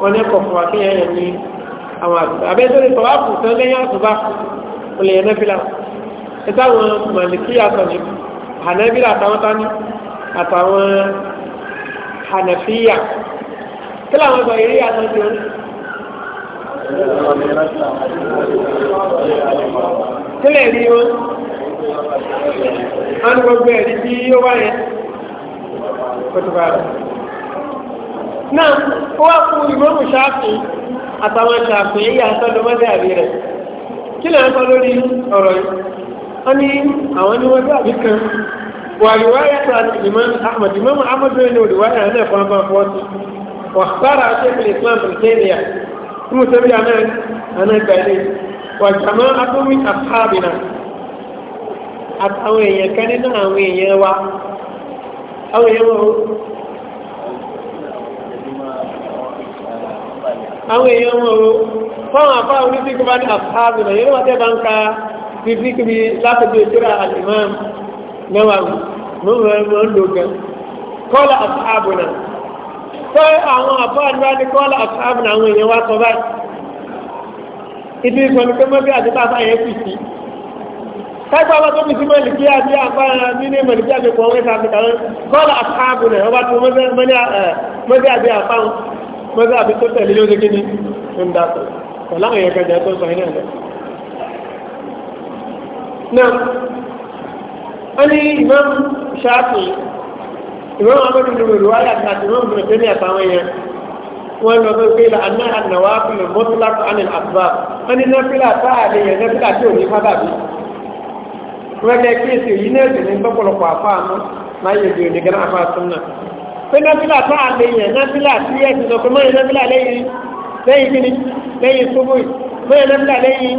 wọn ní ẹ̀kọ́ fún wa kí ẹ̀yàn ní àwọn àgbà abẹ́tọ́ lè sọ̀rọ̀ àpò sọ lẹ́yìn àtúbà kò lè yẹn fìlà ẹ̀tọ́ àwọn màlìkí àtọ̀ ní hànẹ́bílà àtàwọn tání àtàwọn hànàfíyà kí làwọn sọ eré àtọ̀ tí wọn. kí lè rí wọn wọn ní gbogbo ẹ̀rí tí ó wáyé kó náà ó wá fún ìmọ̀mù ṣáàfì àtàwọn ṣáàfì èyí àtọ́dọ̀ mọ́tẹ́ àbí rẹ̀ kí lè ń sọ lórí ọ̀rọ̀ yìí wọ́n ní àwọn ní wọ́n dàbí kan wà rìwáyà tó àti ìmọ̀mù Ahmad ìmọ̀mù Ahmad lórí ní olùwáyà náà fún abá fọ́ọ̀tì wà sára ṣẹ́kì Islam Britania tí mo sọ bí àná àná wà jàmọ́ atúmí àfáàbìnà àtàwọn èèyàn kan nínú àwọn èèyàn wa àwọn èèyàn wọn àwọn èèyàn wọn o fáwọn afá oníṣíkú bá ní àfáàbì náà yẹ́nà tẹ́ bá ń ka fífi kiri ìtura àlìmáàmù mẹ́wàá mú mọ́sá àbí tó tẹ̀lé ló ṣe kí ni ó ń dàpọ̀ pẹ̀lú àwọn èèyàn kẹjà tó sọ iná rẹ̀. Imam wọ́n ní ìmọ̀ ṣáàpì ìmọ̀ amadu ní olùwà yàtọ̀ àti ìmọ̀ ìbùrọ̀ tẹ́lẹ̀ àtàwọn èèyàn wọ́n lọ bẹ́ẹ̀ pé ìlà àná àtàwà fìlò mọ́tòlákù ànil àtúbà wọ́n ní nẹ́fìlà táà lè yẹn nẹ́fìlà tí ò ní fábàbí wọ́n kẹ́ kí èsì yìí náà sì ní gbọ́pọ̀lọpọ̀ àfáà mọ́ láyé ìdí òní gánà àfáà tún náà pé nọ́fílà tó àlè yẹn nọ́fílà tí ẹ̀ ti lọ́kọ́ mọ́yẹ nọ́fílà lẹ́yìn lẹ́yìn kíni lẹ́yìn ṣubú mọ́yẹ nọ́fílà lẹ́yìn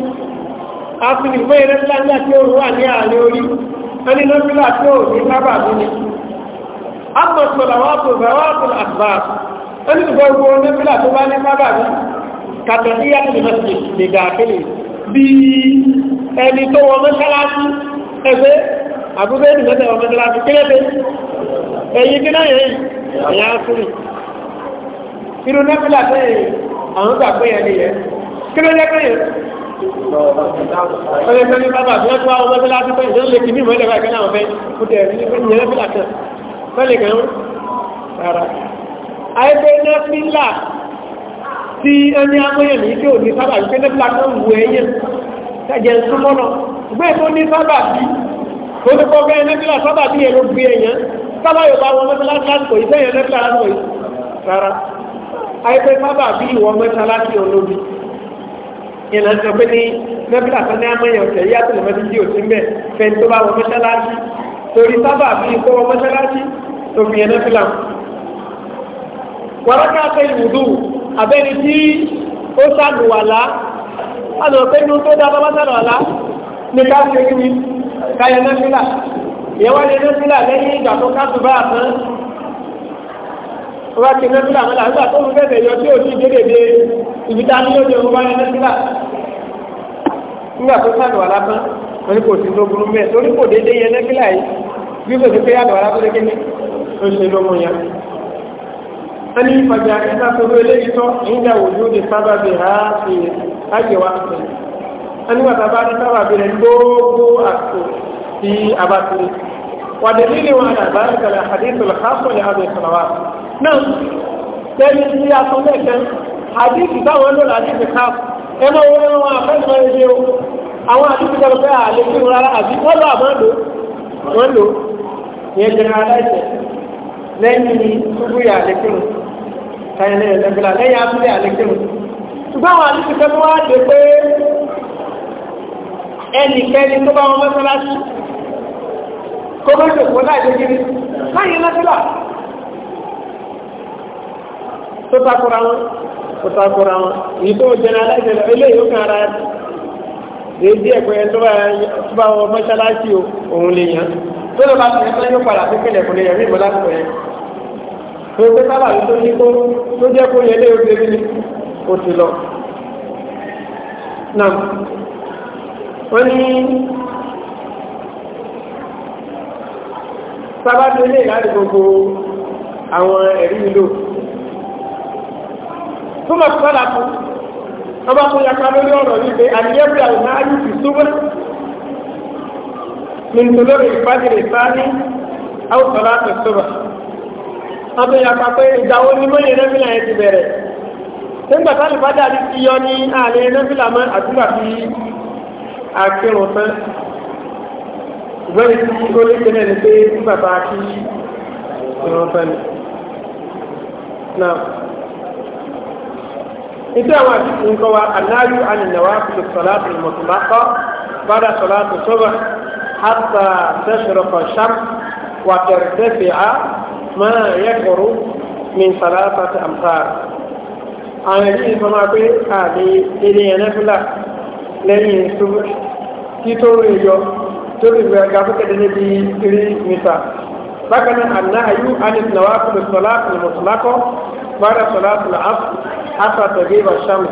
áfíìlì mọ́yẹ nọ́fílà nígbà tí ó wà ní àlè orí wọ́n ní nọ́fílà tí ó ní sábà bí ni. àpòsọ̀lá wà tó bẹ̀ wà tó àgbà ó ní gbogbo nọ́fílà tó bá ní sábà bí ẹni tó wọ mọ́sálásí ẹ̀yà áfírì irú nẹ́fìlà tó yẹ àwọn gbà pé yẹn nìyẹn kí ló yẹ pé yẹn. ọ̀rẹ́ sẹ́ni bàbá àti ẹ̀kọ́ àwọn ọmọdé láti fẹ́ ìṣẹ́ lè kìíní ìmọ̀lẹ́ báyìí kẹ́lá àwọn fẹ́ kó tẹ̀ ẹ̀yẹ nẹ́fìlà kan fẹ́lẹ̀ kan rárá. àìpé nẹ́fìlà tí ẹni amóyẹ̀ ní tí ò ní sábà wípé nẹ́fìlà kan wù ẹ̀yẹ tẹ̀jẹ̀ ń súnmọ́ náà gbé tó ní sábà bí kó tó kọ́ sábàyò bá wọn mọ́sálásí lásìkò yìí sẹ́yìn ẹ̀lẹ́fẹ́ lásìkò yìí rárá àìpé sábà bí ìwọ mọ́sálásí olóbi ìlànà sọ pé ní mẹ́fílà sani amáyàn ọ̀sẹ̀ yíyá tó lè mọ́tí tí ò sí mbẹ́ fẹ́ni tó bá wọ mọ́sálásí torí sábà bí ìkó wọ mọ́sálásí tó fi ẹ̀nà fílà. wàrákà fẹ́ ìwùdú abẹ́ni tí ó sàlùwàlá àná pé ní tó dá bá sàlùwàlá ní ká ìyẹn wá lè nẹ́fílà lẹ́yìn ìgbà tó kájú bá àtán ó ti nẹ́fílà mọ́lá nígbà tó ń fẹ́fẹ́ yọ tí ò sí dédédé ibi a ní lóde òun bá lè nẹ́fílà nígbà tó sáàdù wà lápán wọn kò sí tó burú mẹ́ torí kò dédé yẹn nẹ́fílà yìí bí kò sí pé yàtọ̀ wà lápán lẹ́kẹ́ ó ṣe ní ìta tó ló ha ṣe ájẹwà tí a bá ti rí wà dé nílé wọn àdá bá ń kẹlẹ̀ àdéhùn lọ́kàpọ̀ ní àdó ìsọ̀nàwà náà tẹ́lẹ̀ tí a sọ lẹ́ẹ̀kẹ́ àdéhùn táwọn lọ́la àdéhùn ká ẹ mọ owó wọn àfẹ́sọ̀ ẹgbẹ́ o àwọn àdéhùn tẹ́lẹ̀ pé àlè kí wọn rárá àbí wọ́n lọ àmọ́ lò wọ́n lò ìyẹn jẹ́ aláìsẹ̀ lẹ́yìn túbúyà àlè kí wọn kàyẹ̀lẹ̀ ẹ̀lẹ́gbẹ̀lá lẹ́yìn abúlé àlè kí wọn ṣùgbọ́n àwọn àdéhùn tẹ́lẹ̀ wọ́n á dé pé ẹnikẹ́ni tó bá wọn mọ́sálásí tó bá jòkó láì dé kiri láyé tó takora wọn tó takora wọn èyí tó jẹnà aláìsẹ̀lẹ̀ kàn ara rẹ̀ díẹ̀ ẹ̀kọ́ tó bá wọ mọ́ṣáláṣí òun lè yàn tó sábàtì ilé láti gbogbo àwọn ẹ̀rí ìlò tó mọ̀ sí sọ́dà fún ọba fún yàtọ̀ lórí ọ̀rọ̀ yìí pé àdìyẹ́bí àwọn ààyè ti súnmọ́ nìtòlórí ìfàdìrì sáájú àwùjọ láti súnmọ́ ọba yàtọ̀ pé ìdáwó ní mọ́yẹ̀ nẹ́fìlà yẹn ti bẹ̀rẹ̀ nígbà tá àlùfáàdà ti yọ ní àlẹ́ nẹ́fìlà mọ́ àdúrà bíi àkérò tán ṣùgbọ́n ní tí ó lé tẹ́lẹ̀ ní pé ní bàbá kí ìran fẹ́ni. Ìdí àwọn àtìkù ń kọ́ wa aláyú ànìyàwó àfihàn sọ̀lá àti ìmọ̀tòmákọ́ bádà sọ̀lá àti sọ́bà hàtà tẹ́sọ̀rọ̀ kan ṣám wà tẹ̀rẹ̀tẹ̀fẹ̀ á máa yẹ kọ̀rọ̀ mi sọ̀lá àti àmsáà. Àwọn ẹ̀rí ìfọ́nmá pé àmì ilé ẹ̀nẹ́fúlà lẹ́yìn ìṣubú títóró ìyọ tóbi bẹ̀rẹ̀ ga fún kẹ́lẹ́ níbi three mita bákan náà àná ayú àti nàwa kúlù sọlá kúlù mùsùlákọ́ bára sọlá kúlù àfà tẹ̀lé ìbàṣàmù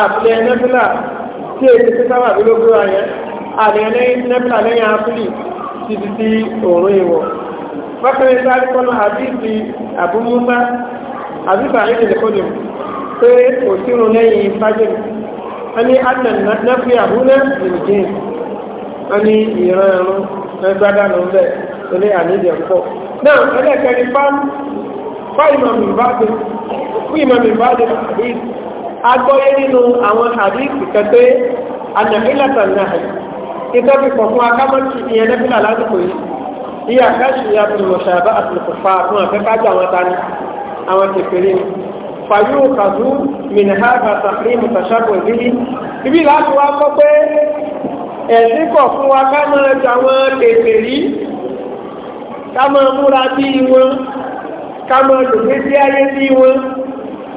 àtìlẹ̀ nẹ́fìlà tí èyí ti sábà bí lógún ayẹ àtìlẹ̀ nẹ́fìlà lẹ́yìn àfúlì títí sí òórùn ìwọ̀ bákan náà sáré kọ́nà àbíbi àbúmúmá àbíbà ayé lè kọ́dùn pé òsínú lẹ́yìn fájẹ́lì wọ́n ní àtìlẹ̀ nẹ́fìlà húnẹ́ nìjẹ́ wọ́n ní ìran ẹ̀rún ẹgbẹ́dá ló ń bẹ̀ tó ní àníjẹ̀ ń pọ̀. náà ẹlẹ́kẹ̀rin bá fáìmọ̀ mi bá dé fáìmọ̀ mi bá dé àdéhìí agbọ́yé nínú àwọn àdéhìí kẹtẹ́ àjàmílàtà náà kíkọ́ fi pọ̀ fún akámọ́tì ìyẹn nẹ́fìlà lásìkò yìí iye àkáṣì àtúnmọ̀ṣàbá àtúnmọ̀fà fún àfẹ́fájà àwọn tani àwọn tẹ̀pẹ̀rẹ̀ ni fàyú kàdú mìnàhà bàtàkì mùtàṣàbọ̀ ìbílí ibi láti wá kọ́ pé ẹ̀sìn kọ̀ fún wa ká máa jàwọn ètè rí ká máa múra bí wọn ká máa lògbé sí ayé bí wọn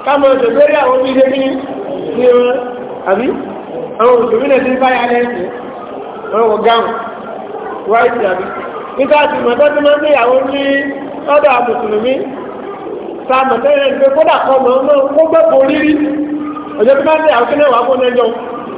ká máa lògbé rí àwọn bíi ṣẹ́bí ní wọn àbí àwọn òṣèlú ti báyà lẹ́sìn àwọn ọ̀gáhùn wáìtì àbí nígbà tí mọ̀tọ́tí máa ń ní àwọn ní ọ̀dọ̀ àmùsùlùmí ta mọ̀tẹ́rẹ̀ ń gbé kódà kọ́ mọ̀ ọmọ gbogbo orí rí ọjọ́ tí máa ń ní kí náà wà fún ẹjọ́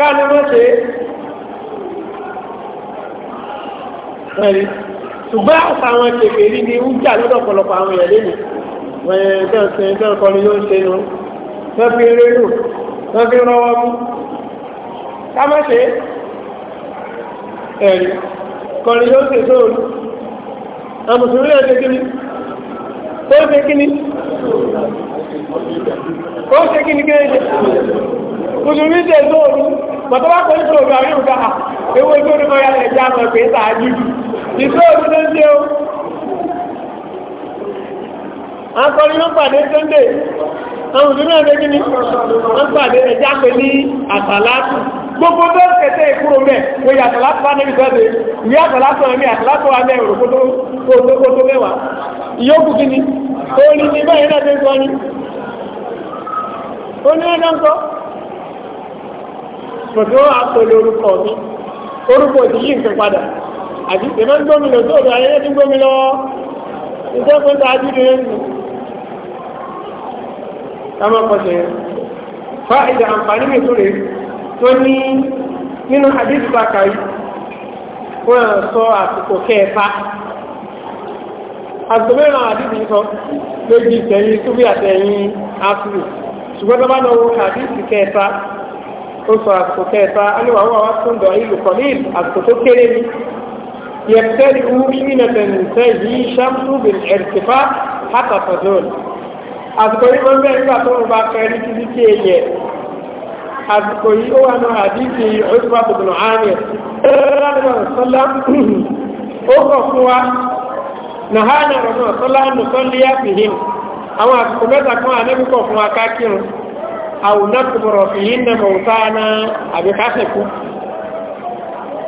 ká ló mọ́ ṣe ẹ̀rí ṣùgbọ́n àwọn kèfè rí ni ń jà lọ́dọ̀ ọ̀pọ̀lọpọ̀ àwọn èèyàn lẹ́nu ẹ̀ẹ́dẹ́sẹ̀ ẹ̀ẹ́dẹ́kọrin yóò ṣe nu wọ́n fi rẹ́rù wọ́n fi rọwọ́ mú ká má ṣe ẹ̀rí kọrin yóò ṣe sóòlù ó ṣe kí ní kéèjì mùsùlùmí ṣe sóòrù bàtọ́wà kò ní sóòrù àwọn ìrùkà ewé tó ní mọ́ya ẹ̀já mọ̀ pé tààjú ìsóòrù ló ń ṣe ó akọrin ló pàdé sunday àwọn òṣèlú ẹ̀dẹ́ kí ni wọ́n pàdé ẹ̀já pé ní àtàlátù gbogbo tó ń kẹsẹ̀ ìkúrò mẹ́ wọ́n yà àtàlátù bá níbi sọ́dẹ̀ ìwé àtàlátù ẹ̀mí àtàlátù wa mẹ́ òròkótó mẹ́wàá ìyókù kí ni ó ní ní báyìí náà oní ẹlọ́gọ́ pẹ̀lú àpòlò orúkọ mi orúkọ ti yí nǹkan padà àti ìmọ̀ gómìnà tó ọ̀dọ̀ ayẹyẹ tí gómìnà iṣẹ́ fún ta ajídé ẹ̀sìn kama kọsẹ̀ fa ìdá àǹfààní mi tó rè tó ní nínú àdéjúbà kàrí wọ́n sọ àsìkò kẹfà àgbẹ̀mẹ́ràn àdéjì sọ lójú ìtẹ̀yìn túbí àtẹ̀yìn áfíríkà ṣùgbọ́n tó bá lọ wo hadisi kẹta ó sọ àsìkò kẹta aléwà wà wá tún dọ̀ ìlú kọ̀líl àsìkò tó kéré ni yẹtẹ́lì wú ìmìnà tẹ̀lifẹ̀ yìí ṣàmùtù bìn ẹ̀rìtìfà hàtàtà zone àsìkò yìí wọ́n bẹ̀rẹ̀ nígbà tó ń bá kẹrí títí tí è yẹ àsìkò yìí ó wà ní hadisi ọdún wa bùbùnú ó kọ̀ fún wa nàhánà rọ̀mọ̀ sọ́lá nùsọ́líyà fìhìn àwọn àsìkò mẹ́ta kan ànábì kọ̀ fún aká kírun àwùjọ tó bọ̀rọ̀ fi yí nà mọ̀ọ́tá náà àbí kásẹ̀kù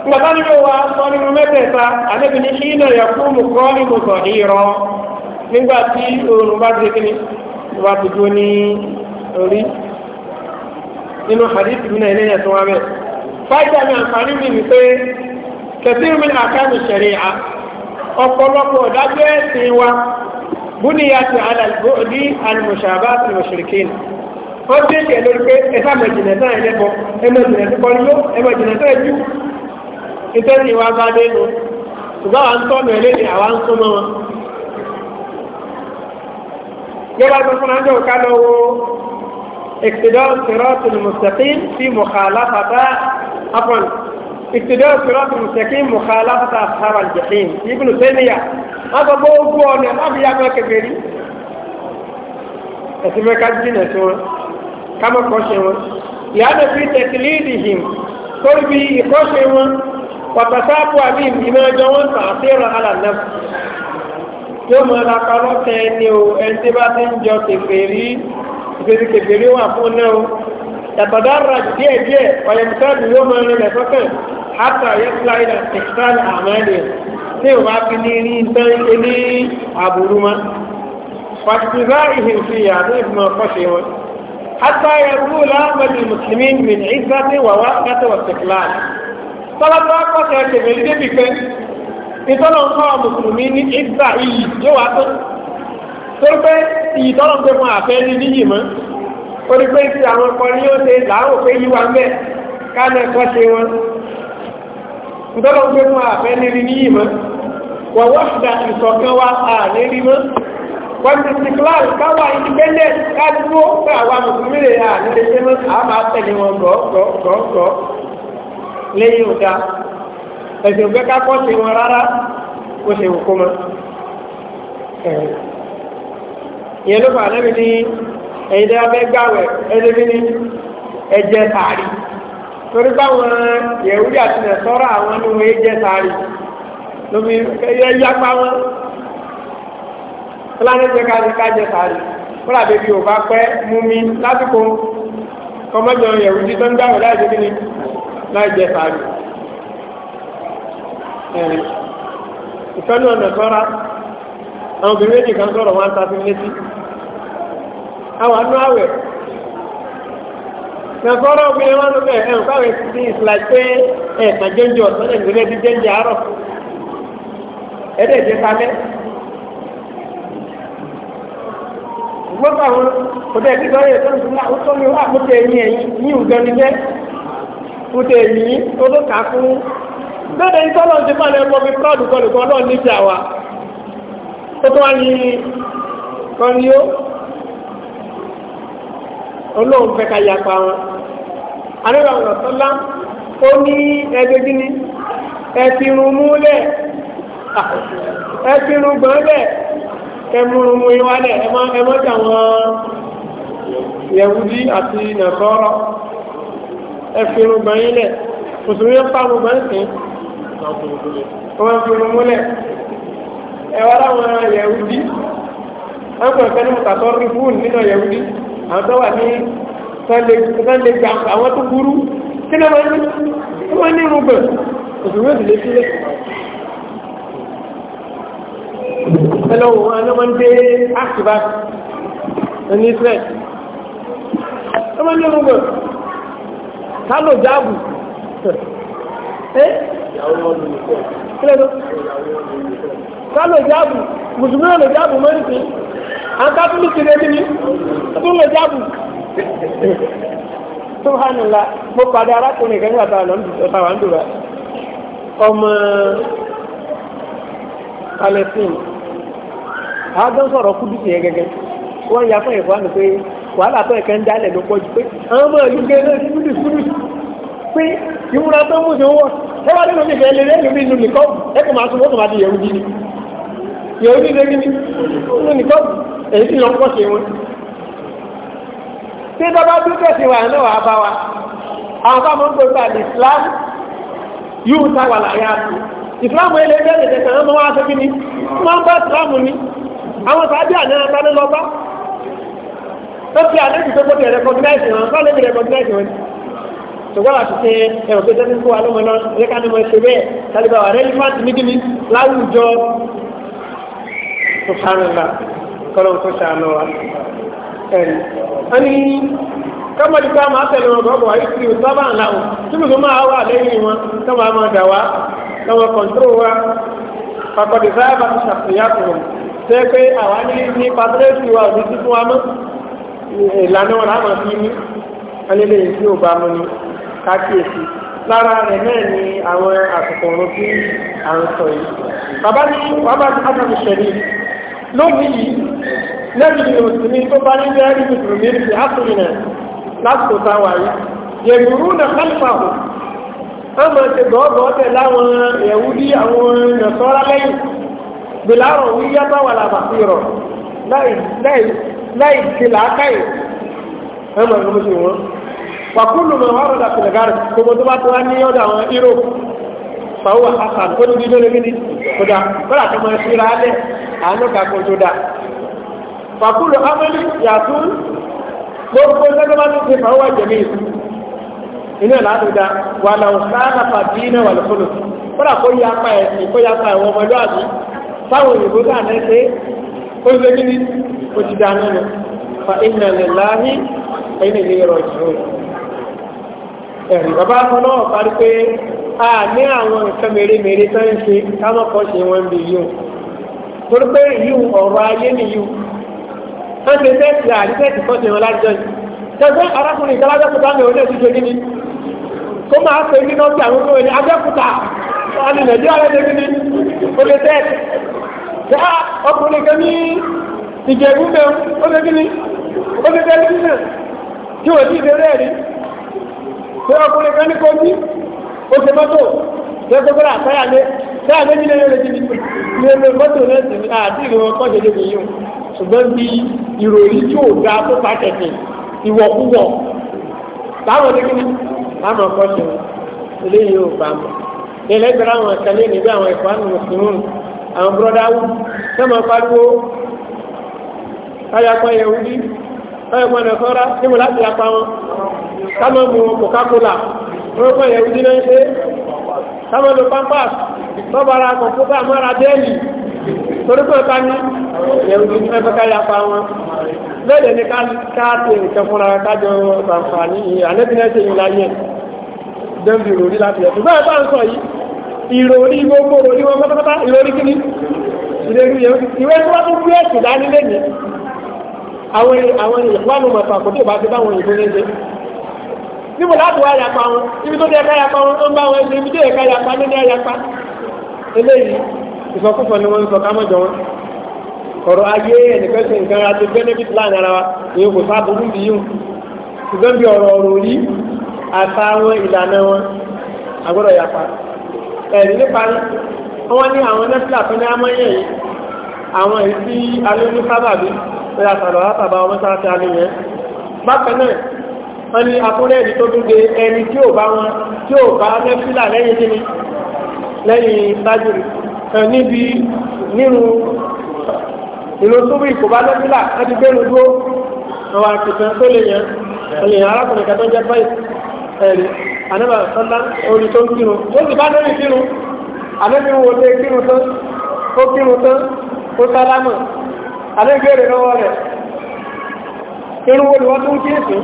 nígbàtá nínú wa sọ nínú mẹ́tẹ̀ẹ̀ta ànábì ní kí náà yẹ fún mu kọ́ ní mo sọ̀ oòrùn bá dé kíni wà tó ní orí nínú hadith ni pé kẹsí mi ní àkáàmì ṣẹ̀ríà ọ̀pọ̀lọpọ̀ ọ̀dájọ́ ẹ̀sìn búniyàtì alàgbòdì alìmọ̀ṣàbá alìmọ̀ṣìrìkìn ó tí èkè lórí pé ẹ̀sà mẹ̀jìnà sáà ẹlẹ́bọ ẹmẹ̀jìnà sí pọ́nlọ́ ẹmẹ̀jìnà sáà jù ìtẹ́sí wa bá dé nu ṣùgbọ́n àwọn tọ́nu ẹlẹ́ni àwa ń súnmọ́ wọn. yọba tó fún ajọ́ ìtìdọ́ sọ̀rọ̀tù mùsẹ̀kín mùkàláfàtà àṣàrà jẹ̀hìn ibùdó sẹ́niyà wọ́n sọ gbogbo ọ̀nà láti yá mọ́ kékeré ẹ̀sìn mẹ́ka jìnà sí wọn kámọ́ kọ́ṣe wọn ìyáàdọ̀ fi tẹ̀sílíìdì hìm torí bí ìkọ́ṣe wọn pàtàkì àbí ìmọ̀ọ́jọ́ wọn tàn àti ìrọ̀ alànà yóò mọ ẹlẹ́ka lọ́tẹ̀ẹ́ ni o ẹni tí bá ti ń jọ kékeré kékeré wà fún náà tàbàdàrà díẹ̀díẹ̀ ọ̀yẹ̀mùsáàdù yóò máa rìn lẹ́fọ́kàn hátà yẹ́fúlá ìlà ìfúsàn àmàlẹ̀ tí ò bá fi ní rí tán ṣe ní àbúrú ma fàtìzá ìhìn fi yàtọ̀ ìfúnmọ̀ fọ́ṣe wọn hátà yẹ́fú láàmàlì mùsùlùmí min ìzá tí wà wá kátà wà tìfúlà tọ́lọ́tọ́ akọ́ṣẹ́ kẹfẹ́lí débi pé ìtọ́lọ́ nǹkan mùsùlùmí ní ìzá iyì yóò wá tó tó pé ìtọ́lọ́ torí pé tí àwọn ọkọ ní ó ṣe làwọn òfin yíwa mẹ́ káàmì ẹ̀kọ́ ṣe wọn ntọ́lọ́ gbé fún àfẹ́ níbi níyì mọ́ wọ́n wọ́n ṣùgbà ìṣọ̀kan wa à níbi mọ́ wọ́n ti ti class káwà ìdíkẹ́lẹ̀ káàdúró pé àwa mùsùlùmí rẹ̀ à nílé ṣe mọ́ àá máa tẹ̀lé wọn gọ̀ọ́gọ̀ọ́gọ̀ lẹ́yìn òdà ẹ̀yin tí wọ́n gbàwẹ̀ ẹlẹ́bí ní sàárì torí yẹ̀wúrí àti nẹ̀sọ́rọ̀ àwọn ní wọ́n ẹ̀jẹ̀ sàárì lómi ẹ̀yẹ yápá wọn fúlànẹ́jẹ kájẹ sàárì fúlà bèbí ò bá pẹ́ mú mi lásìkò kọmọjọ yẹ̀wúrí tó ń gbàwẹ̀ láìjẹ́ sàárì ìfẹ́ àwọn obìnrin méjì kan sọ̀rọ̀ wọn ta sí létí àwọn àánú àwẹ̀ nàfọ́rọ́ obìnrin wọn lókè ẹ̀ ń káwé sí ìsìlá pé ẹ̀ kàn jẹ́njẹ́ ọ̀sán ẹ̀ nílẹ̀ bí jẹ́njẹ́ àárọ̀ ẹ̀ dẹ̀ jẹ́ kalẹ́. gbọ́dọ̀ àwọn òde ẹ̀kíkọ́ yẹ tó ń fún wa ó tó mi wá kótó ẹ̀yìn ẹ̀yìn yín ò gan níjẹ́ kótó ẹ̀yìn yín tó tó kà á fún. bẹ́ẹ̀ ni tọ́lọ̀ ti fà lẹ́kọ́ bí pírọ́dù kọlùkọ́ náà níjà wa ó tó wá ní olóhùn fẹ́ ká yapa wọn. àníbà ọ̀nà sọ́lá ó ní ẹgbẹ́jì ni ẹ̀fìrún múlẹ̀ ẹ̀fìrún gbọ́nlẹ̀ ẹ̀múrún mú iwálẹ̀ ẹ̀mọ́jà wọn yẹ̀wúdí àti nàkọ́rọ̀ ẹ̀fìrún gbọ́nlẹ̀ mùsùlùmí ń pàmò gbọ́nsìn wọ́n fi rún múlẹ̀ ẹ̀wọ́n láwọn yẹ̀wúdí ẹ̀kọ́ ìfẹ́ ní mùtàtọ́ rí fún nínú yẹ̀wúdí àwọn tó wà ní sunday jam àwọn tó burú kí ni wọ́n ní wọ́n ní irúgbẹ̀ òṣèré òṣèré sílẹ̀ ẹlọ́wọ̀ wọn lọ́mọ ń dé àṣìbá ní israel ọmọ ní irúgbẹ̀ kálò jáàbù ẹ́ kálò jáàbù mùsùlùmí ọ̀nà jáàbù mọ́rin àwọn kátólíkì rẹ níbi tó lọ jáàbù subhanallah mo padà arákùnrin kan nígbà táwọn ọ̀tá wà ń dùn rà ọmọ Palestine àádọ́ sọ̀rọ̀ kú dùkì yẹn gẹ́gẹ́ wọ́n ya fún ìfọ́ àmì pé wàhálà tó ẹ̀kẹ́ ń dálẹ̀ ló pọ̀ jù pé àwọn ọmọ ìlú gẹ́gẹ́ lọ́sí kúdù kúdù pé ìmúra tó mú sí wọ́n ẹ wá nínú mi fẹ́ lé lẹ́nu mi nù nìkọ́ ẹ kò máa sún wọ́n tó máa di yẹ̀wù gidi yẹ̀wù gidi gidi nù nìkọ́ èyí tí lọ́pọ̀ ṣe wọn tí bàbá dúdú ẹ̀sìn wà náà wà bá wa àwọn bá mọ́ ń gbogbo àti Islam yóò ta wà láyé àtò Islam ilé ẹgbẹ́ tẹ̀tẹ̀ tẹ̀ wọ́n wá sí kíni wọ́n bá Islam ni àwọn sàájú àná ta ní lọ́ba tó fi àdéjì tó kó ti rẹ̀kọ̀dínáìsì wọn kọ́ lébi rẹ̀kọ̀dínáìsì wọn ṣùgbọ́n àti ṣe ẹ̀rọ pé tẹ́tí kó wa lọ́mọ náà ẹ̀ka ni mo ṣe bẹ́ẹ̀ tàbí bá wà rẹ́lífàǹtì nígbìmí láwùjọ tó kárẹ̀ náà kọ́lọ́n tó ṣàánú wa ẹ̀rí wọ́n ní kọ́mọ̀dé ká máa tẹ̀lé wọn bọ́ọ̀bọ̀ wáyé sí ìwé sábà ńlá wọn tí mo máa wà lẹ́yìn wọn tó máa máa dà wá lọ́wọ́ kọ̀ǹtúrò wa pàkọ́dé sáyàbà ti ṣàfihàn fún wọn tẹ́ pé àwa ní ní pàtẹ́lẹ́sì wa òbí sí fún wa mọ́ ìlànà wọn láwọn fi ní alẹ́lẹ́ tí ó bá mú ní kákíyèsí lára rẹ̀ náà ni àwọn àkùkọ̀ọ̀rọ̀ tí à lónìí lẹ́yìn òsìmí tó bá ní jẹ́rìí mùsùlùmí ti hásùlù náà lásìkò táwà yìí yẹ̀gùrú na kálífàwò wọ́n máa ṣe gọ́ọ̀gọ́ tẹ̀ láwọn yẹ̀wúdí àwọn nàṣọ́rá lẹ́yìn gbìlárọ̀ wíyá bá wà làbàtì rọ̀ láì ti làákàyè wọ́n máa ń gbọ́dọ̀ wọn. wàkúlù náà wà rọ̀dà pìlẹ̀gárì gbogbo tó bá tó wá ní ọ̀dọ̀ àwọn fàwọ́ àṣà kó níbi lórí gidi kó dá kọ́lá tó máa ṣíra alẹ́ àánú kakó tó dá. fàkúrò amẹ́lí yàtú gbogbo sẹ́gbẹ́ bá ti ṣe fàwọ́ àjẹmí iná làánú dá wà láwọn sáánà fàbí iná wà lọ́kọ́lọ́ kọ́lá kó yá apá ẹ̀sìn kó yá apá ẹ̀wọ̀n ọmọlúwàbí táwọn òyìnbó sáànà ṣe ó ṣe gidi ó ti dá nínú fa iná lè láàyè ẹ̀yìn ìlera ọ̀ṣun ẹ̀rí bàbá kan a ní àwọn nǹkan mèremère tó ń ṣe táwọn kan ṣe wọn bí yíò torí pé yíò ọ̀rọ̀ ayé nìyíò wọ́n ti tẹ́sí àdìsẹ́sì kan ṣe wọn lájọ yìí tẹ̀sán arákùnrin ìtàlájọ́kùtà mi ò ní ẹ̀sùn ṣe kí ni kó máa pè ní nọ́ọ̀sì àwọn ọmọ ènìyàn abẹ́kùtà wọn ni nàìjíríà lè débi ní olè tẹ́ẹ̀tì ṣe á ọkùnrin kan ní ìjẹ̀bú bẹ́ẹ̀ ó débi ní ó débi tẹ́lifíṣàn tí wọ́n ti ṣe rẹ́ẹ̀rí pé ọkùnrin kan ní kó ó ṣe mọ́tò lọ́sọ̀ kọ́ra táyà lé táyà méjì lé lórí ibi ní ẹgbẹ́ mọ́tò náà sì ní àti ìrìn wọn kọ́ṣe lébi yìí ṣùgbọ́n bí ìròyìn tí ò ga tó pa tẹ̀sẹ̀ ìwọ̀kúwọ̀ táwọn oníkíní táwọn kọ́ṣe eléyìí ò bá mọ́ ẹlẹ́gbẹ̀rẹ̀ àwọn ìkàlẹ́ níbi àwọn ẹ̀kọ́ àwọn mùsùlùmí àwọn búrọ́dá wù sọ́mọ pariwo ayakọ yẹwudi ayakọ nẹfọ́ra níbo láti yapa wọn kámọ́ mu coca-cola wọ́n kọ́ yẹ̀wù dín náà ṣe táwọn lo pampas tọ́bara kọ̀ǹpútà mọ́ra dẹ́ẹ̀lì torí pé ká ní yẹ̀wù dín náà fẹ́ ká yà pa wọn lẹ́yìn ní ká ṣe nǹkan fúnra kájọ sàǹfààní ànẹ́bínẹ́ ṣe yìí láyé dẹ́bì ìròrí láti ẹ̀ ṣùgbọ́n ẹ̀bá ń sọ yìí ìròrí gbogbo ìròrí wọn pátápátá ìròrí kíní ìròrí yẹn ìwé tí wọ́n tún gbé ẹ̀sìn dání lẹ́yìn àwọn ìwọ́n mọ̀tà kò tí ò bá níbo láti wá ya wọn ibi tó yẹ ká yapa wọn ó ń bá wọn ṣe ibi tó yẹ ká yapa nínú yapa eléyìí ìsọkúfọ ni wọn sọ kámọjọ wọn ọ̀rọ̀ ayé ẹnìkan ṣe nǹkan àti benefit láàrin ara wa èyí kò sá burú bí yìí ṣùgbọ́n bí ọ̀rọ̀ ọ̀rọ̀ yìí àtàwọn ìlànà wọn àgbọ̀dọ̀ yapa ẹ̀rí nípa wọn ní àwọn nẹ́fìlà tó ní amọ́yẹ̀ yìí àwọn èyí tí alóyún ya ó wọ́n ní akúnlẹ̀ ẹ̀dí tó dúdé ẹni tí ò bá wọn tí ò bá nẹ́fílà lẹ́yìn kíni lẹ́yìn bájúrì níbi nínú ìlú tóbi kò bá nẹ́fílà láti gbé ìlú dúró àwọn àtìkàn tó lè yàn lè yàn arákùnrin kan tó jẹ́ báyìí ẹ̀rí anábà sọ́lá orí tó ń kírun ó sì bá lórí kírun anábì wo lé kírun tán ó kírun tán ó sálámù anábì gbére lọ́wọ́ rẹ̀ irun wo ni wọ́n tún kí èsì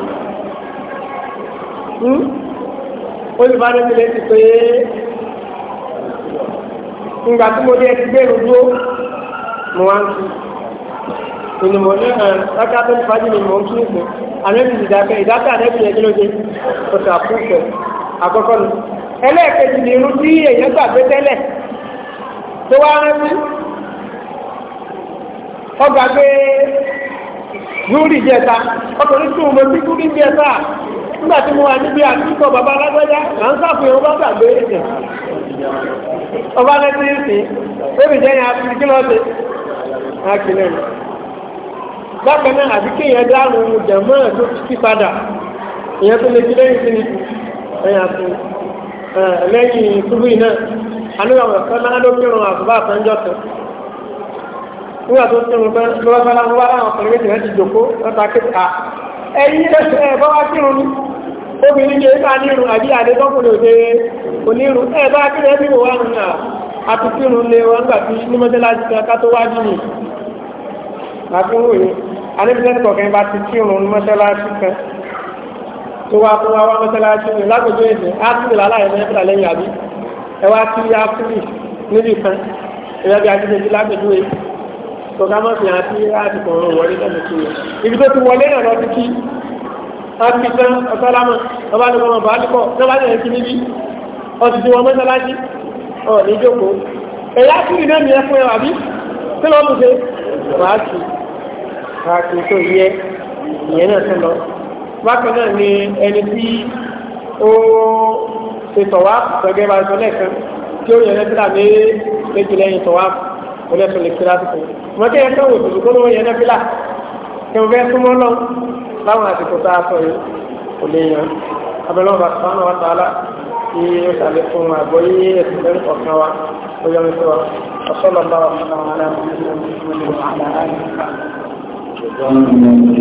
olùbádọ́bílẹ̀ ti pé ńgbà tí mo dé ti gbèrú dúró mo wá ń tu ìnùmọ̀ náà lọ́kà tó ń fàájì ni mo ń tún ìgbò àlẹ́bí ìdákẹ́ ìdákẹ́ àlẹ́bí yẹn kí ló dé o sì àkúfẹ́ àkọ́kọ́ ni ẹlẹ́ẹ̀kejì ni irú tí èèyàn gbàgbé tẹ́lẹ̀ tó wá rántí ọgbàgbé lórí ìjẹta ọkùnrin tún mo ti kú ní ìjẹta nígbà tí mo wà níbi àtúntò bàbá alágbẹ́já là ń sàfihàn bá gbàgbé ètò ọba lẹ́tí ìsìn bébì yẹn àti kí lọ́ọ̀tì àkìlẹ̀ bákan náà àbí kéèyàn dáhùn ohun jẹ̀mọ́ ẹ̀ tó ti padà ìyẹn tó lè lẹ́yìn sí ni ẹ̀yà tó lẹ́yìn túbú anúyàwó ẹ̀fẹ́ àbúbá àtàǹjọ́ tó nígbà tó lọ́wọ́ fẹ́ láwọn ọkùnrin méjì rẹ̀ ti jòkó ẹ̀yìn ní. obìnrin jẹ́ ká nírun àbí àdẹ́tọ́kùnrin òde onírun ẹ̀ bá kílẹ̀ bí wò wá nù náà àtúntìrún lé wọn gbà tí ní mọ́sálásí kan ká tó wájú nì àtúnwò yìí alẹ́bíṣẹ́ kọ̀ọ̀kan bá ti kírun ní mọ́sálásí kan tó wá fún wa wá mọ́sálásí ní lágbègbè èdè átúlù aláìní ẹ̀fọ́ lẹ́yìn àbí ẹ wá sí áfúlì níbi kan ẹ̀yà bí ajínigbé sí lágbègbè èdè kọ̀ọ̀kan mọ́ fi tó wọlé náà lọ kí akitán ọ̀sálámà ọba ní ọmọ bàá dúkọ̀ náà bá ní ẹ̀sìn níbi ọ̀sì tí wọ́n mọ́sálásí ọ̀ ní jókòó ẹ̀yà kiri náà ní ẹ̀fún ẹ̀wà bí tí lọ́ọ́ tún ṣe wàá tù wàá tù tó yẹ ìyẹn náà tún lọ. bákan náà ni ẹni tí ó ṣe tọ̀wá gẹ́gẹ́ bá sọ lẹ́ẹ̀kan tí ó yẹ lẹ́sílà méjì lẹ́yìn tọ̀wá olẹ́sùn lè kíláàsì kan. mọ́tẹ́ yẹn kẹ́wò tòṣùkọ́ ló yẹ lẹ́sílà kẹ́wò fẹ́ súnmọ́ náà láwọn àsìkò tá a sọ yìí kò lè yan abẹ́lẹ́ wọn bá wọn tààlà kí ó sàlẹ̀ fún àgbọ́yé ẹ̀sìn lẹ́nu kọ̀ọ̀kan wa ó yọ mí sí wa ọ̀ṣọ́ lọ́ba ọ̀ṣọ́